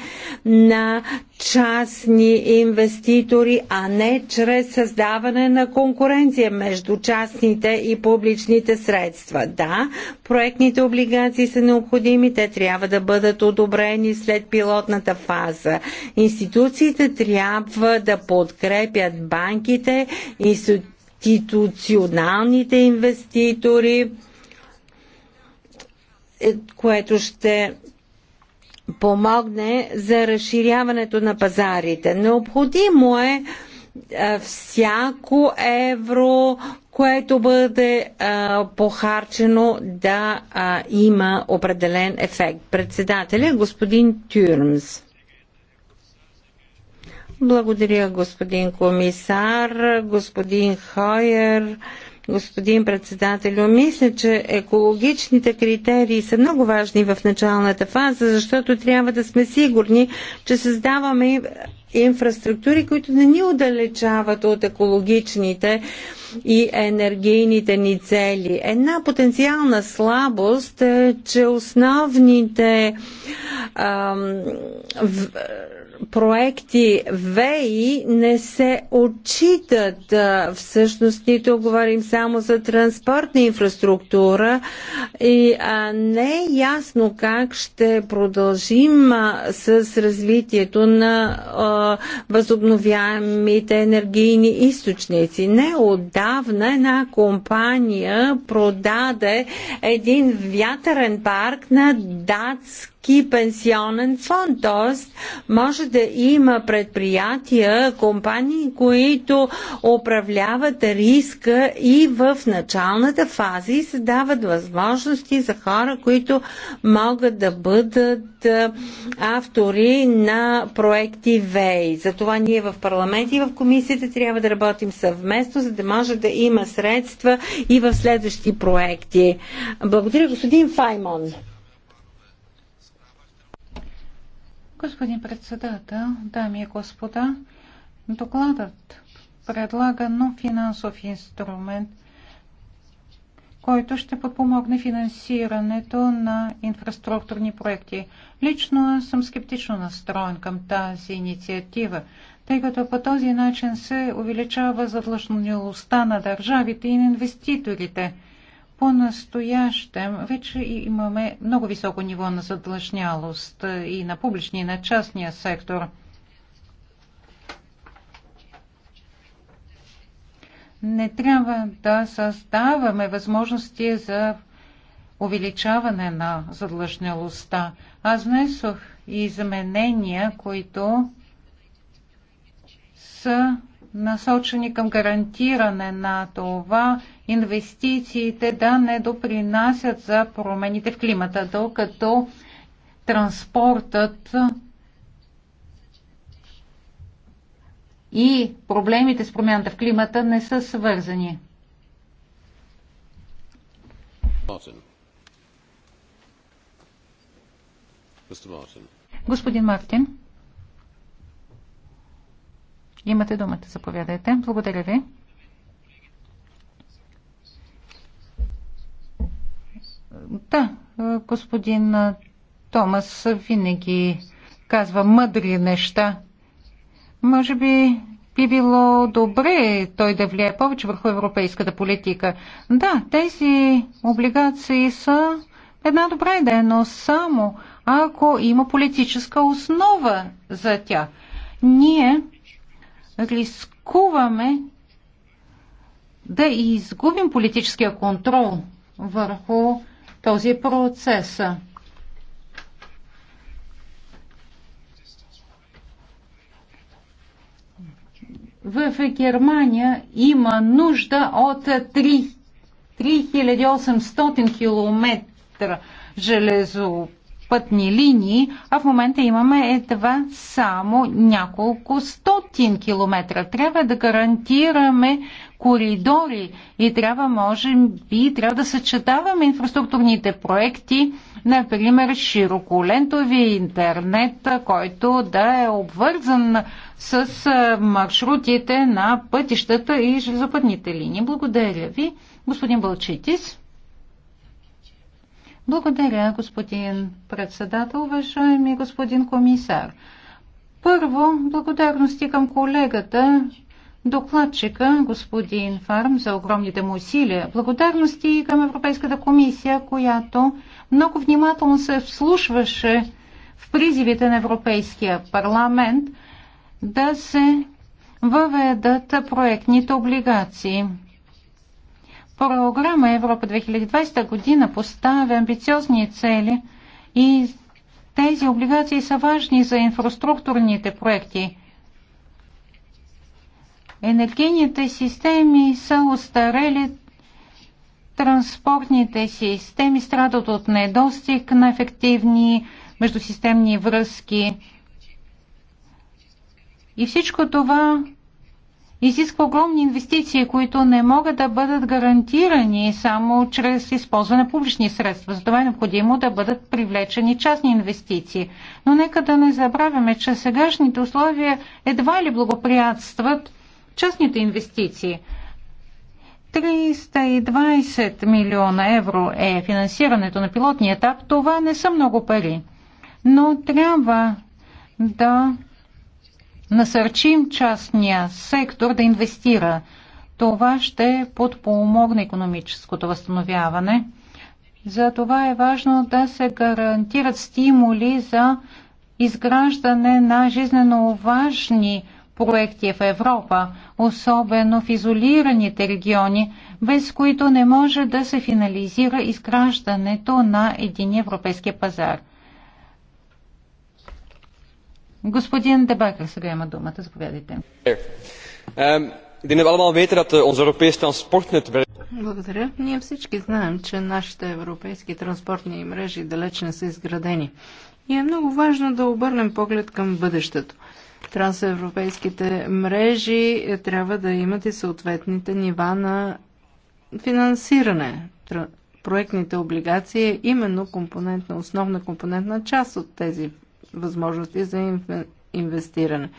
на частни инвеститори, а не чрез създаване на конкуренция между частните и публичните средства. Да, проектните облигации са необходими, те трябва да бъдат одобрени след пилотната фаза. Институциите трябва да подкрепят банките, институционалните инвеститори, е, което ще помогне за разширяването на пазарите. Необходимо е, е всяко евро, което бъде а, похарчено да а, има определен ефект. Председателя господин Тюрмс. Благодаря, господин комисар, господин Хойер, господин председател, Мисля, че екологичните критерии са много важни в началната фаза, защото трябва да сме сигурни, че създаваме инфраструктури, които не ни отдалечават от екологичните и енергийните ни цели. Една потенциална слабост е, че основните ам, в, проекти ВЕИ не се отчитат. Всъщност ние тук говорим само за транспортна инфраструктура и а, не е ясно как ще продължим а, с развитието на а, възобновяемите енергийни източници. Не отдавна отдавна една компания продаде един вятърен парк на датски и пенсионен фонд. т.е. може да има предприятия, компании, които управляват риска и в началната фаза и се дават възможности за хора, които могат да бъдат автори на проекти ВЕЙ. Затова ние в парламент и в комисията трябва да работим съвместно, за да може да има средства и в следващи проекти. Благодаря, господин Файмон. Господин председател, дами и господа, докладът предлага нов финансов инструмент, който ще подпомогне финансирането на инфраструктурни проекти. Лично съм скептично настроен към тази инициатива, тъй като по този начин се увеличава задлъжнилостта на държавите и на инвеститорите – по-настоящем вече имаме много високо ниво на задлъжнялост и на публичния, и на частния сектор. Не трябва да създаваме възможности за увеличаване на задлъжнялостта. Аз внесох изменения, които са насочени към гарантиране на това инвестициите да не допринасят за промените в климата, докато транспортът и проблемите с промяната в климата не са свързани. Господин Мартин. Имате думата, заповядайте. Благодаря ви. Да, господин Томас винаги казва мъдри неща. Може би би било добре той да влияе повече върху европейската политика. Да, тези облигации са една добра идея, но само ако има политическа основа за тях. Ние рискуваме да изгубим политическия контрол върху този процес. в Германия има нужда от 3, 3800 км железо пътни линии, а в момента имаме едва само няколко стотин километра. Трябва да гарантираме коридори и трябва, може би, трябва да съчетаваме инфраструктурните проекти, например, широколентови интернет, който да е обвързан с маршрутите на пътищата и железопътните линии. Благодаря ви, господин Бълчитис. Благодаря, господин председател, уважаеми господин комисар. Първо, благодарности към колегата, докладчика, господин Фарм, за огромните му усилия. Благодарности и към Европейската комисия, която много внимателно се вслушваше в призивите на Европейския парламент да се въведат проектните облигации. Програма Европа 2020 година поставя амбициозни цели и тези облигации са важни за инфраструктурните проекти. Енергийните системи са устарели, транспортните системи страдат от недостиг на ефективни междусистемни връзки. И всичко това изисква огромни инвестиции, които не могат да бъдат гарантирани само чрез използване на публични средства. Затова е необходимо да бъдат привлечени частни инвестиции. Но нека да не забравяме, че сегашните условия едва ли благоприятстват частните инвестиции. 320 милиона евро е финансирането на пилотния етап. Това не са много пари. Но трябва да насърчим частния сектор да инвестира. Това ще подпомогне економическото възстановяване. За това е важно да се гарантират стимули за изграждане на жизненно важни проекти в Европа, особено в изолираните региони, без които не може да се финализира изграждането на един европейски пазар. Господин Дебакър сега има думата. Заповядайте. Е, е, Благодаря. Ние всички знаем, че нашите европейски транспортни мрежи далеч не са изградени. И е много важно да обърнем поглед към бъдещето. Трансевропейските мрежи е, трябва да имат и съответните нива на финансиране. Проектните облигации е именно компонентна, основна компонентна част от тези възможности за инвестиране.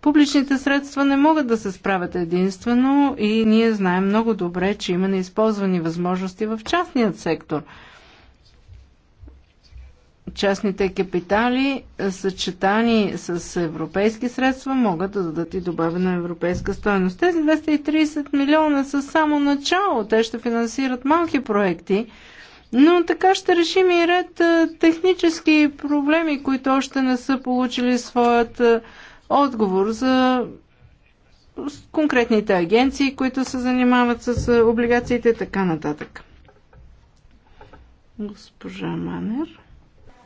Публичните средства не могат да се справят единствено и ние знаем много добре, че има неизползвани възможности в частният сектор. Частните капитали, е, съчетани с европейски средства, могат да дадат и добавена европейска стоеност. Тези 230 милиона са само начало. Те ще финансират малки проекти но така ще решим и ред технически проблеми, които още не са получили своят отговор за конкретните агенции, които се занимават с облигациите и така нататък. Госпожа Манер.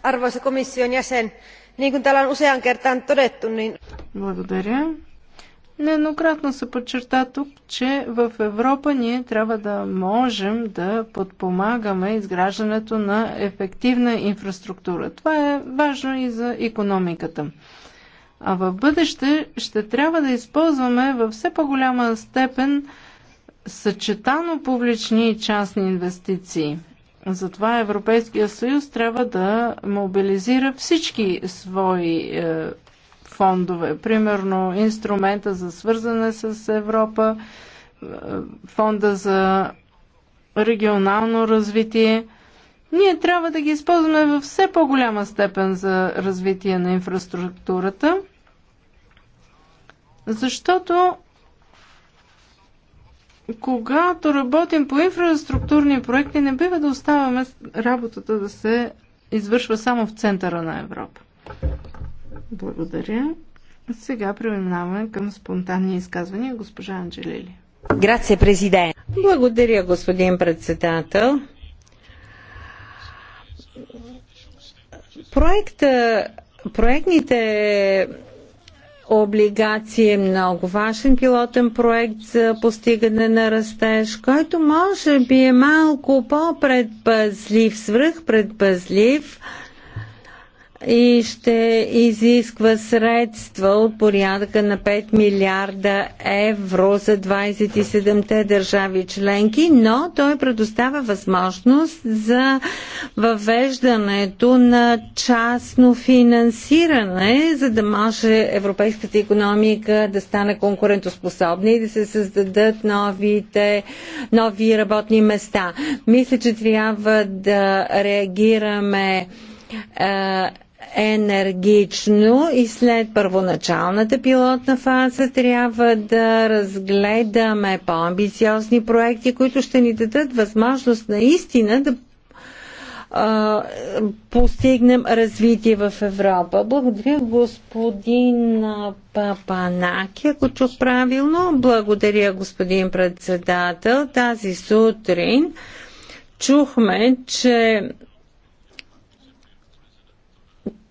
Arvoisa komission jäsen, niin kuin täällä on usean kertaan todettu, niin... Благодаря. Нееднократно се подчерта тук, че в Европа ние трябва да можем да подпомагаме изграждането на ефективна инфраструктура. Това е важно и за економиката. А в бъдеще ще трябва да използваме във все по-голяма степен съчетано публични и частни инвестиции. Затова Европейския съюз трябва да мобилизира всички свои е, фондове. Примерно инструмента за свързане с Европа, е, фонда за регионално развитие. Ние трябва да ги използваме във все по-голяма степен за развитие на инфраструктурата, защото когато работим по инфраструктурни проекти, не бива да оставяме работата да се извършва само в центъра на Европа. Благодаря. Сега преминаваме към спонтанни изказвания. Госпожа Анджелили. Грация, президент. Благодаря, господин председател. Проект, проектните облигации е много важен пилотен проект за постигане на растеж, който може би е малко по-предпазлив, свръхпредпазлив, предпазлив и ще изисква средства от порядъка на 5 милиарда евро за 27-те държави членки, но той предоставя възможност за въвеждането на частно финансиране, за да може европейската економика да стане конкурентоспособна и да се създадат новите, нови работни места. Мисля, че трябва да реагираме е, енергично и след първоначалната пилотна фаза трябва да разгледаме по-амбициозни проекти, които ще ни дадат възможност наистина да постигнем развитие в Европа. Благодаря господин Папанаки, ако чух правилно. Благодаря господин председател. Тази сутрин чухме, че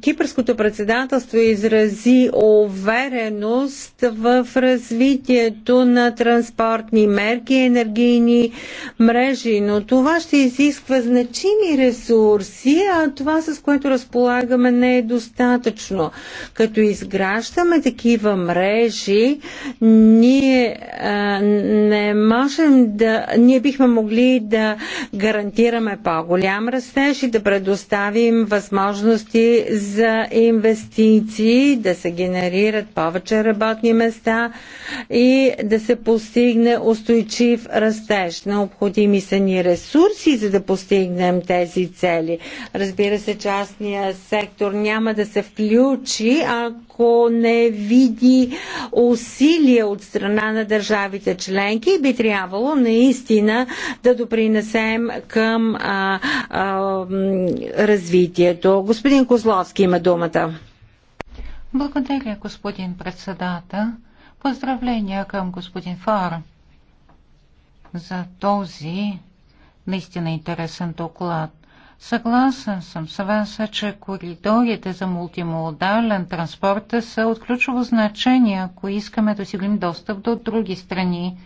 Кипърското председателство изрази увереност в развитието на транспортни мерки, енергийни мрежи, но това ще изисква значими ресурси, а това с което разполагаме не е достатъчно. Като изграждаме такива мрежи, ние а, не можем да, ние бихме могли да гарантираме по-голям растеж и да предоставим възможности за инвестиции, да се генерират повече работни места и да се постигне устойчив растеж. Необходими са ни ресурси, за да постигнем тези цели. Разбира се, частния сектор няма да се включи, ако не види усилия от страна на държавите членки, би трябвало наистина да допринесем към а, а, развитието. Господин Козлов, Козловски има думата. Благодаря, господин председател. Поздравления към господин Фар за този наистина интересен доклад. Съгласен съм с вас, че коридорите за мултимодален транспорт са от ключово значение, ако искаме да достъп до други страни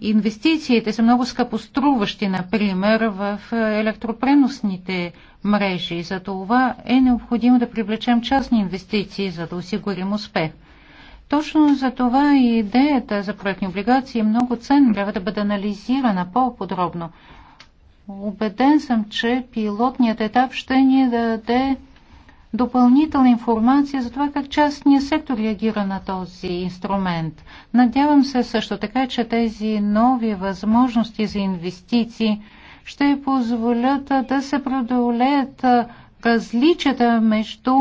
инвестициите са много скъпоструващи, например, в електропреносните мрежи. За това е необходимо да привлечем частни инвестиции, за да осигурим успех. Точно за това и идеята за проектни облигации е много ценна. Трябва да бъде анализирана по-подробно. Убеден съм, че пилотният етап ще ни даде допълнителна информация за това как частния сектор реагира на този инструмент. Надявам се също така, че тези нови възможности за инвестиции ще позволят да се продолеят различията между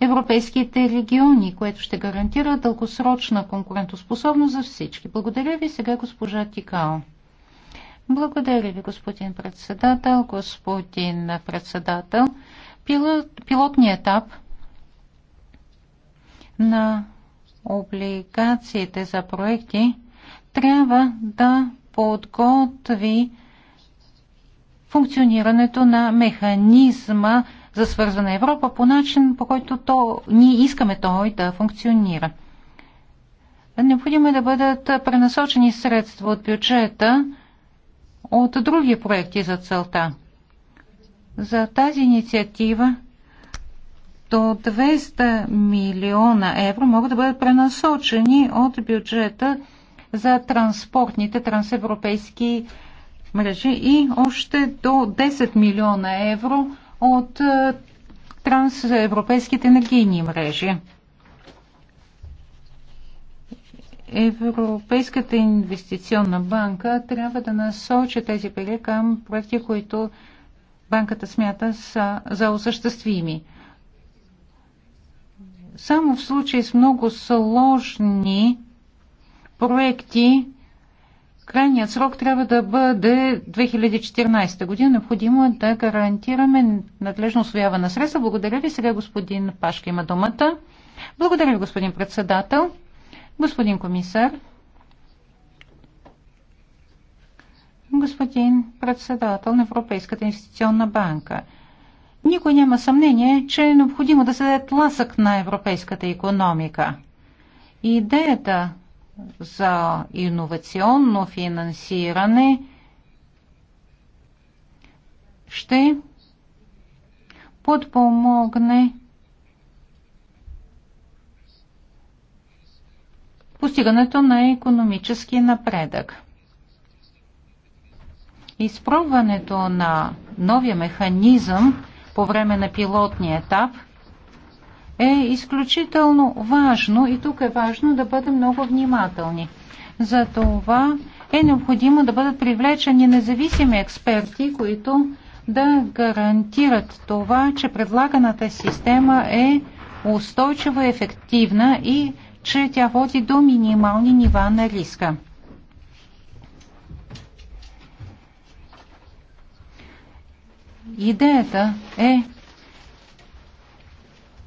европейските региони, което ще гарантира дългосрочна конкурентоспособност за всички. Благодаря ви сега, госпожа Тикао. Благодаря ви, господин председател, господин председател. Пилот, пилотният етап на облигациите за проекти трябва да подготви функционирането на механизма за свързване Европа по начин, по който то, ние искаме той да функционира. Необходимо е да бъдат пренасочени средства от бюджета от други проекти за целта за тази инициатива до 200 милиона евро могат да бъдат пренасочени от бюджета за транспортните трансевропейски мрежи и още до 10 милиона евро от е, трансевропейските енергийни мрежи. Европейската инвестиционна банка трябва да насочи тези пари към проекти, които банката смята са за осъществими. Само в случай с много сложни проекти, крайният срок трябва да бъде 2014 година. Необходимо е да гарантираме надлежно освояване на средства. Благодаря ви. Сега господин Пашка има думата. Благодаря ви, господин председател. Господин комисар. господин председател на Европейската инвестиционна банка. Никой няма съмнение, че е необходимо да се даде тласък на европейската економика. Идеята за иновационно финансиране ще подпомогне постигането на економически напредък. Изпробването на новия механизъм по време на пилотния етап е изключително важно и тук е важно да бъдем много внимателни. За това е необходимо да бъдат привлечени независими експерти, които да гарантират това, че предлаганата система е устойчива, ефективна и че тя води до минимални нива на риска. Идеята е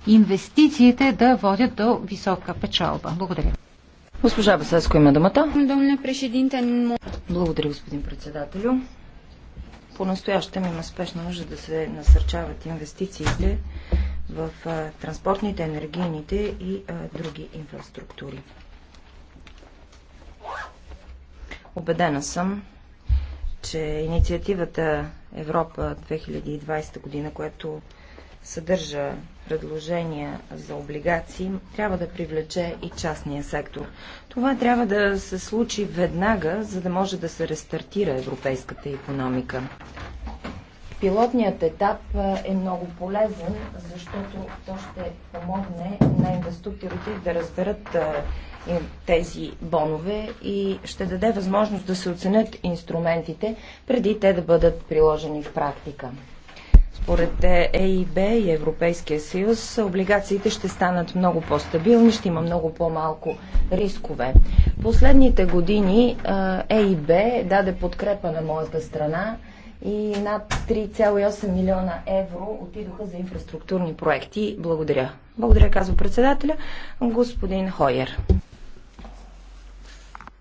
инвестициите да водят до висока печалба. Благодаря. Госпожа Басеско има думата. Благодаря, господин председателю. По-настоящем има спешна нужда да се насърчават инвестициите в транспортните, енергийните и други инфраструктури. Обедена съм, че инициативата Европа 2020 година, което съдържа предложения за облигации, трябва да привлече и частния сектор. Това трябва да се случи веднага, за да може да се рестартира европейската економика. Пилотният етап е много полезен, защото то ще помогне на инвеструкторите да разберат тези бонове и ще даде възможност да се оценят инструментите преди те да бъдат приложени в практика. Според е, ЕИБ и Европейския съюз, облигациите ще станат много по-стабилни, ще има много по-малко рискове. Последните години ЕИБ даде подкрепа на моята страна и над 3,8 милиона евро отидоха за инфраструктурни проекти. Благодаря. Благодаря, казва председателя, господин Хойер.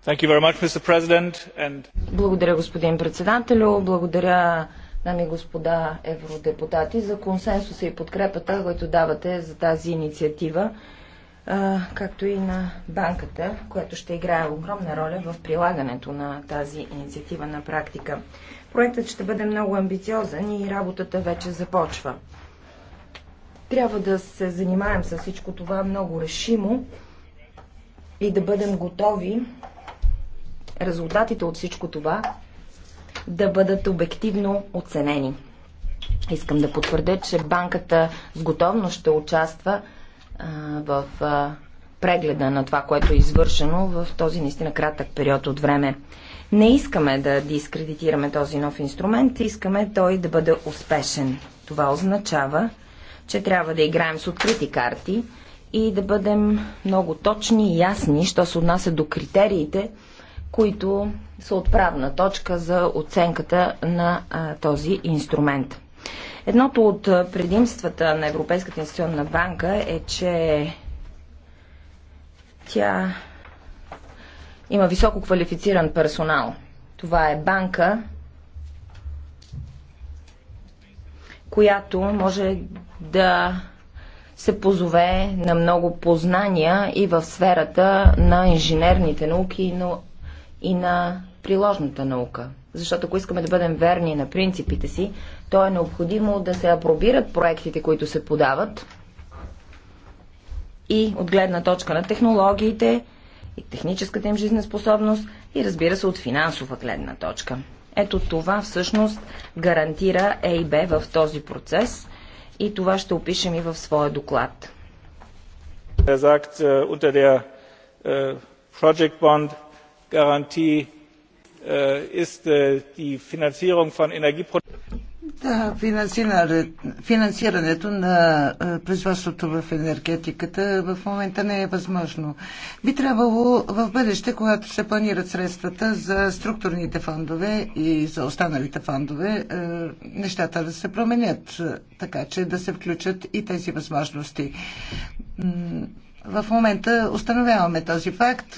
Much, And... Благодаря, господин председателю. Благодаря, дами и господа евродепутати, за консенсуса и подкрепата, който давате за тази инициатива, както и на банката, която ще играе огромна роля в прилагането на тази инициатива на практика. Проектът ще бъде много амбициозен и работата вече започва. Трябва да се занимаем с всичко това много решимо и да бъдем готови резултатите от всичко това да бъдат обективно оценени. Искам да потвърдя, че банката с готовност ще участва а, в а, прегледа на това, което е извършено в този наистина кратък период от време. Не искаме да дискредитираме този нов инструмент, искаме той да бъде успешен. Това означава, че трябва да играем с открити карти и да бъдем много точни и ясни, що се отнася до критериите, които са отправна точка за оценката на а, този инструмент. Едното от предимствата на Европейската инвестиционна банка е, че тя има високо квалифициран персонал. Това е банка, която може да се позове на много познания и в сферата на инженерните науки но и на приложната наука. Защото ако искаме да бъдем верни на принципите си, то е необходимо да се апробират проектите, които се подават и от гледна точка на технологиите, и техническата им жизнеспособност и разбира се от финансова гледна точка. Ето това всъщност гарантира и ЕИБ в този процес и това ще опишем и в своя доклад. Er sagt, е, unter der е, Project Bond Garantie е, ist die Finanzierung von Energieprodukten да, финансирането на производството в енергетиката в момента не е възможно. Би трябвало в бъдеще, когато се планират средствата за структурните фондове и за останалите фондове, нещата да се променят, така че да се включат и тези възможности. В момента установяваме този факт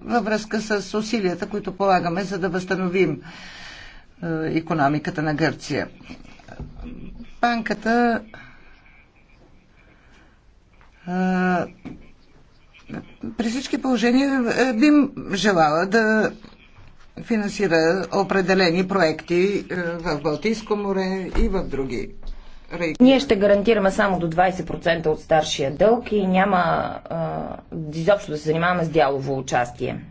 във връзка с усилията, които полагаме, за да възстановим економиката на Гърция. Банката е, при всички положения е, би желала да финансира определени проекти е, в Балтийско море и в други региони. Ние ще гарантираме само до 20% от старшия дълг и няма а, изобщо да се занимаваме с дялово участие.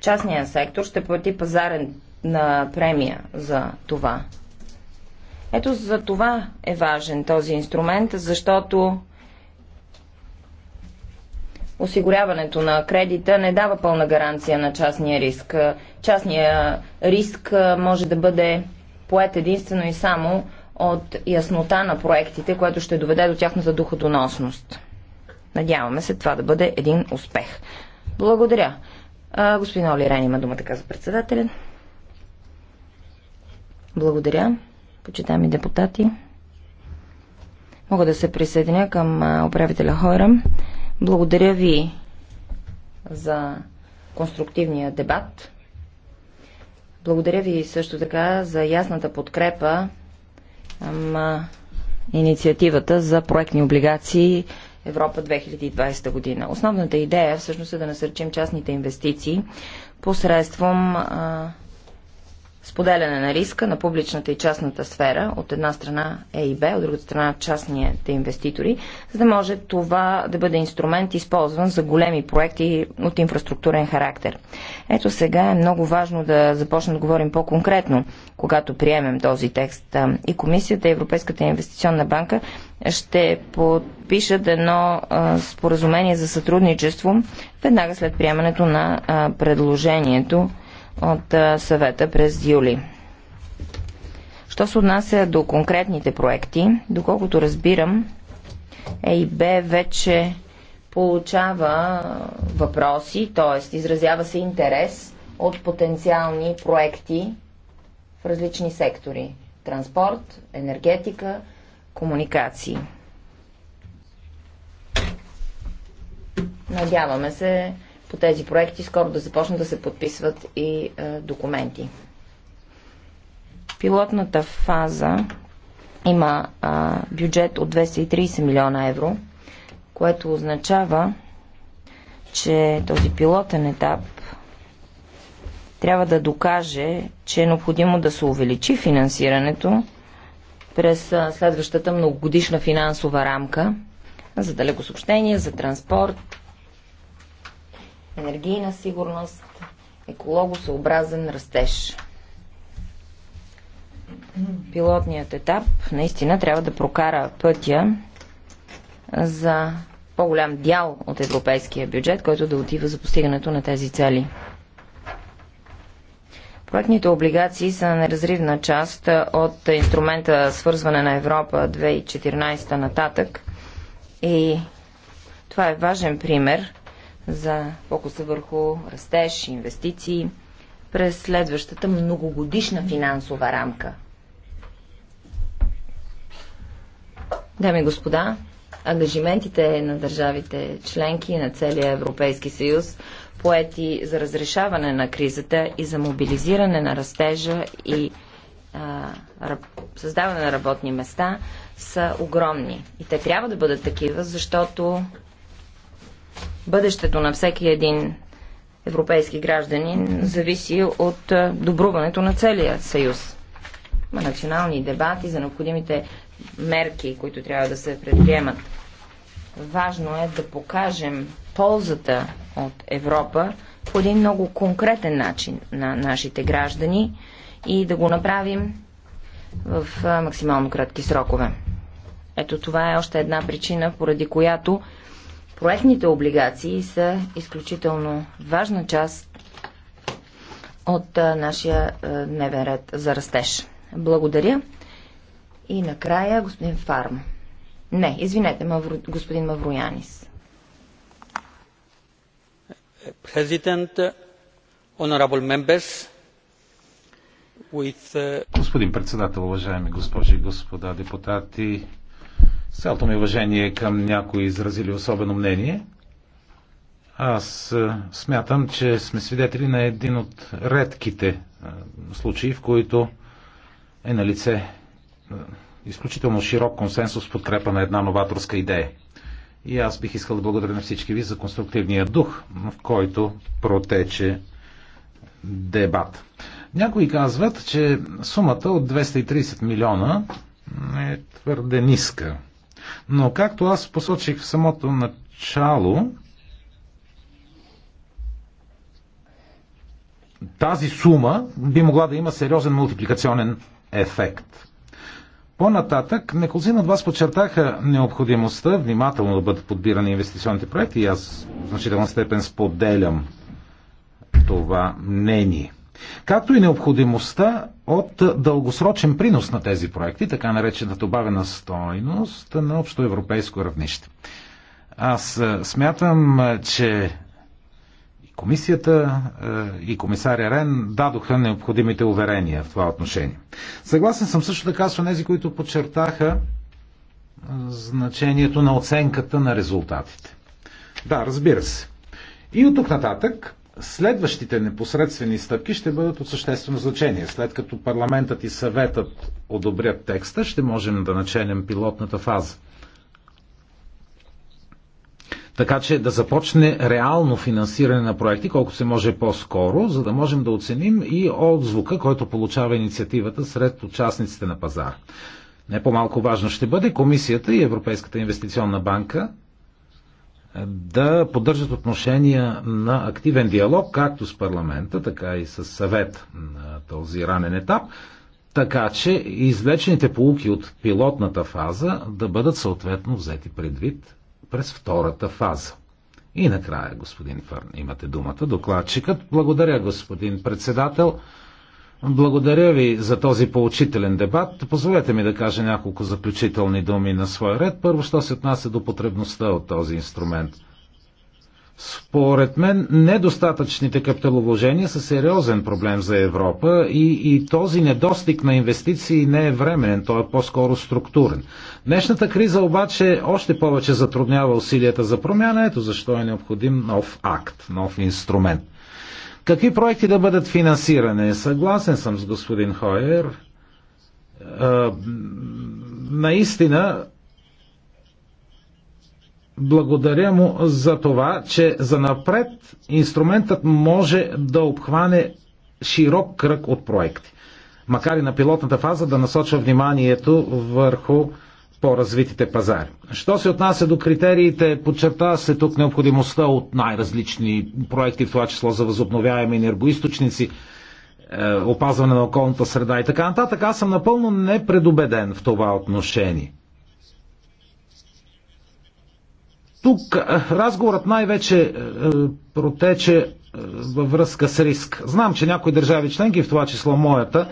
Частният сектор ще плати пазарен на премия за това. Ето за това е важен този инструмент, защото осигуряването на кредита не дава пълна гаранция на частния риск. Частния риск може да бъде поет единствено и само от яснота на проектите, което ще доведе до тяхната доходоносност. Надяваме се това да бъде един успех. Благодаря. господин Оли Рен има думата, каза председателен. Благодаря, почитаеми депутати. Мога да се присъединя към управителя Хойра. Благодаря ви за конструктивния дебат. Благодаря ви също така за ясната подкрепа към инициативата за проектни облигации Европа 2020 година. Основната идея всъщност е да насърчим частните инвестиции посредством а, Споделяне на риска на публичната и частната сфера, от една страна Е и Б, от другата страна частните инвеститори, за да може това да бъде инструмент използван за големи проекти от инфраструктурен характер. Ето сега е много важно да започнем да говорим по-конкретно, когато приемем този текст. И Комисията, и Европейската инвестиционна банка ще подпишат едно споразумение за сътрудничество веднага след приемането на предложението от съвета през юли. Що се отнася до конкретните проекти, доколкото разбирам, ЕИБ вече получава въпроси, т.е. изразява се интерес от потенциални проекти в различни сектори – транспорт, енергетика, комуникации. Надяваме се по тези проекти скоро да започнат да се подписват и е, документи. Пилотната фаза има бюджет от 230 милиона евро, което означава, че този пилотен етап трябва да докаже, че е необходимо да се увеличи финансирането през следващата многогодишна финансова рамка за далекосъобщение, за транспорт, енергийна сигурност, екологосъобразен растеж. Пилотният етап наистина трябва да прокара пътя за по-голям дял от европейския бюджет, който да отива за постигането на тези цели. Проектните облигации са неразривна част от инструмента свързване на Европа 2014 нататък и това е важен пример – за фокуса върху растеж, инвестиции през следващата многогодишна финансова рамка. Дами и господа, ангажиментите на държавите членки на целия Европейски съюз поети за разрешаване на кризата и за мобилизиране на растежа и а, създаване на работни места са огромни. И те трябва да бъдат такива, защото бъдещето на всеки един европейски гражданин зависи от добруването на целия съюз. Има национални дебати за необходимите мерки, които трябва да се предприемат. Важно е да покажем ползата от Европа по един много конкретен начин на нашите граждани и да го направим в максимално кратки срокове. Ето това е още една причина, поради която Проектните облигации са изключително важна част от нашия дневен ред за растеж. Благодаря. И накрая господин Фарм. Не, извинете, Мавро, господин Мавроянис. Президент, honorable members, with... Uh, господин председател, уважаеми госпожи и господа депутати, цялото ми уважение към някои изразили особено мнение, аз е, смятам, че сме свидетели на един от редките е, случаи, в които е на лице е, изключително широк консенсус в подкрепа на една новаторска идея. И аз бих искал да благодаря на всички ви за конструктивния дух, в който протече дебат. Някои казват, че сумата от 230 милиона е твърде ниска но както аз посочих в самото начало, тази сума би могла да има сериозен мултипликационен ефект. По-нататък, неколзин от вас подчертаха необходимостта внимателно да бъдат подбирани инвестиционните проекти и аз в значителна степен споделям това мнение както и необходимостта от дългосрочен принос на тези проекти, така наречена добавена стойност на общо европейско равнище. Аз е, смятам, е, че и комисията, е, и комисаря Рен дадоха необходимите уверения в това отношение. Съгласен съм също така с тези, които подчертаха значението на оценката на резултатите. Да, разбира се. И от тук нататък Следващите непосредствени стъпки ще бъдат от съществено значение. След като парламентът и съветът одобрят текста, ще можем да наченем пилотната фаза. Така че да започне реално финансиране на проекти, колко се може по-скоро, за да можем да оценим и отзвука, който получава инициативата сред участниците на пазар. Не по-малко важно ще бъде Комисията и Европейската инвестиционна банка да поддържат отношения на активен диалог, както с парламента, така и с съвет на този ранен етап, така че извлечените полуки от пилотната фаза да бъдат съответно взети предвид през втората фаза. И накрая, господин Фърн, имате думата, докладчикът. Благодаря, господин председател. Благодаря ви за този поучителен дебат. Позволете ми да кажа няколко заключителни думи на своя ред. Първо, що се отнася до потребността от този инструмент. Според мен недостатъчните капиталовложения са сериозен проблем за Европа и, и този недостиг на инвестиции не е временен, той е по-скоро структурен. Днешната криза обаче още повече затруднява усилията за промяна, ето защо е необходим нов акт, нов инструмент. Какви проекти да бъдат финансирани? Съгласен съм с господин Хойер. Наистина, благодаря му за това, че за напред инструментът може да обхване широк кръг от проекти. Макар и на пилотната фаза да насочва вниманието върху по-развитите пазари. Що се отнася до критериите, подчерта се тук необходимостта от най-различни проекти, в това число за възобновяеми енергоисточници, е, опазване на околната среда и така нататък. Аз съм напълно непредобеден в това отношение. Тук е, разговорът най-вече е, протече във връзка с риск. Знам, че някои държави членки, в това число моята,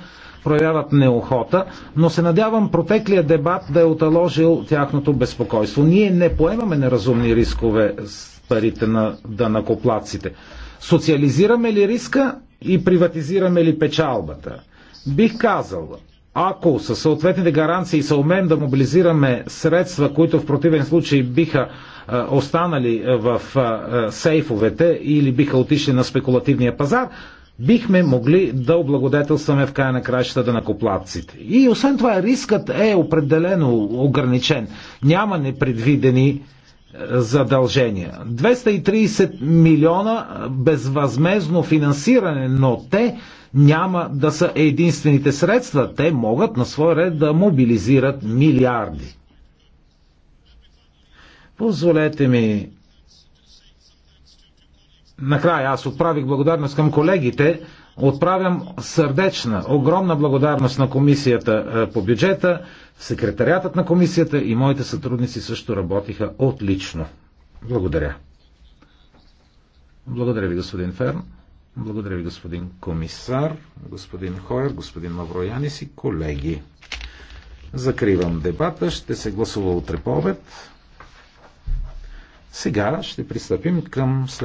проявяват неохота, но се надявам протеклия дебат да е оталожил тяхното безпокойство. Ние не поемаме неразумни рискове с парите на данакоплаците. Социализираме ли риска и приватизираме ли печалбата? Бих казал, ако със съответните гаранции са умеем да мобилизираме средства, които в противен случай биха останали в сейфовете или биха отишли на спекулативния пазар, бихме могли да облагодетелстваме в края на краищата на коплатците. И освен това рискът е определено ограничен. Няма непредвидени е, задължения. 230 милиона безвъзмезно финансиране, но те няма да са единствените средства. Те могат на свой ред да мобилизират милиарди. Позволете ми накрая аз отправих благодарност към колегите, отправям сърдечна, огромна благодарност на комисията е, по бюджета, секретариатът на комисията и моите сътрудници също работиха отлично. Благодаря. Благодаря ви, господин Ферн. Благодаря ви, господин комисар, господин Хойер, господин Мавроянис и колеги. Закривам дебата. Ще се гласува утре по обед. Сега ще пристъпим към след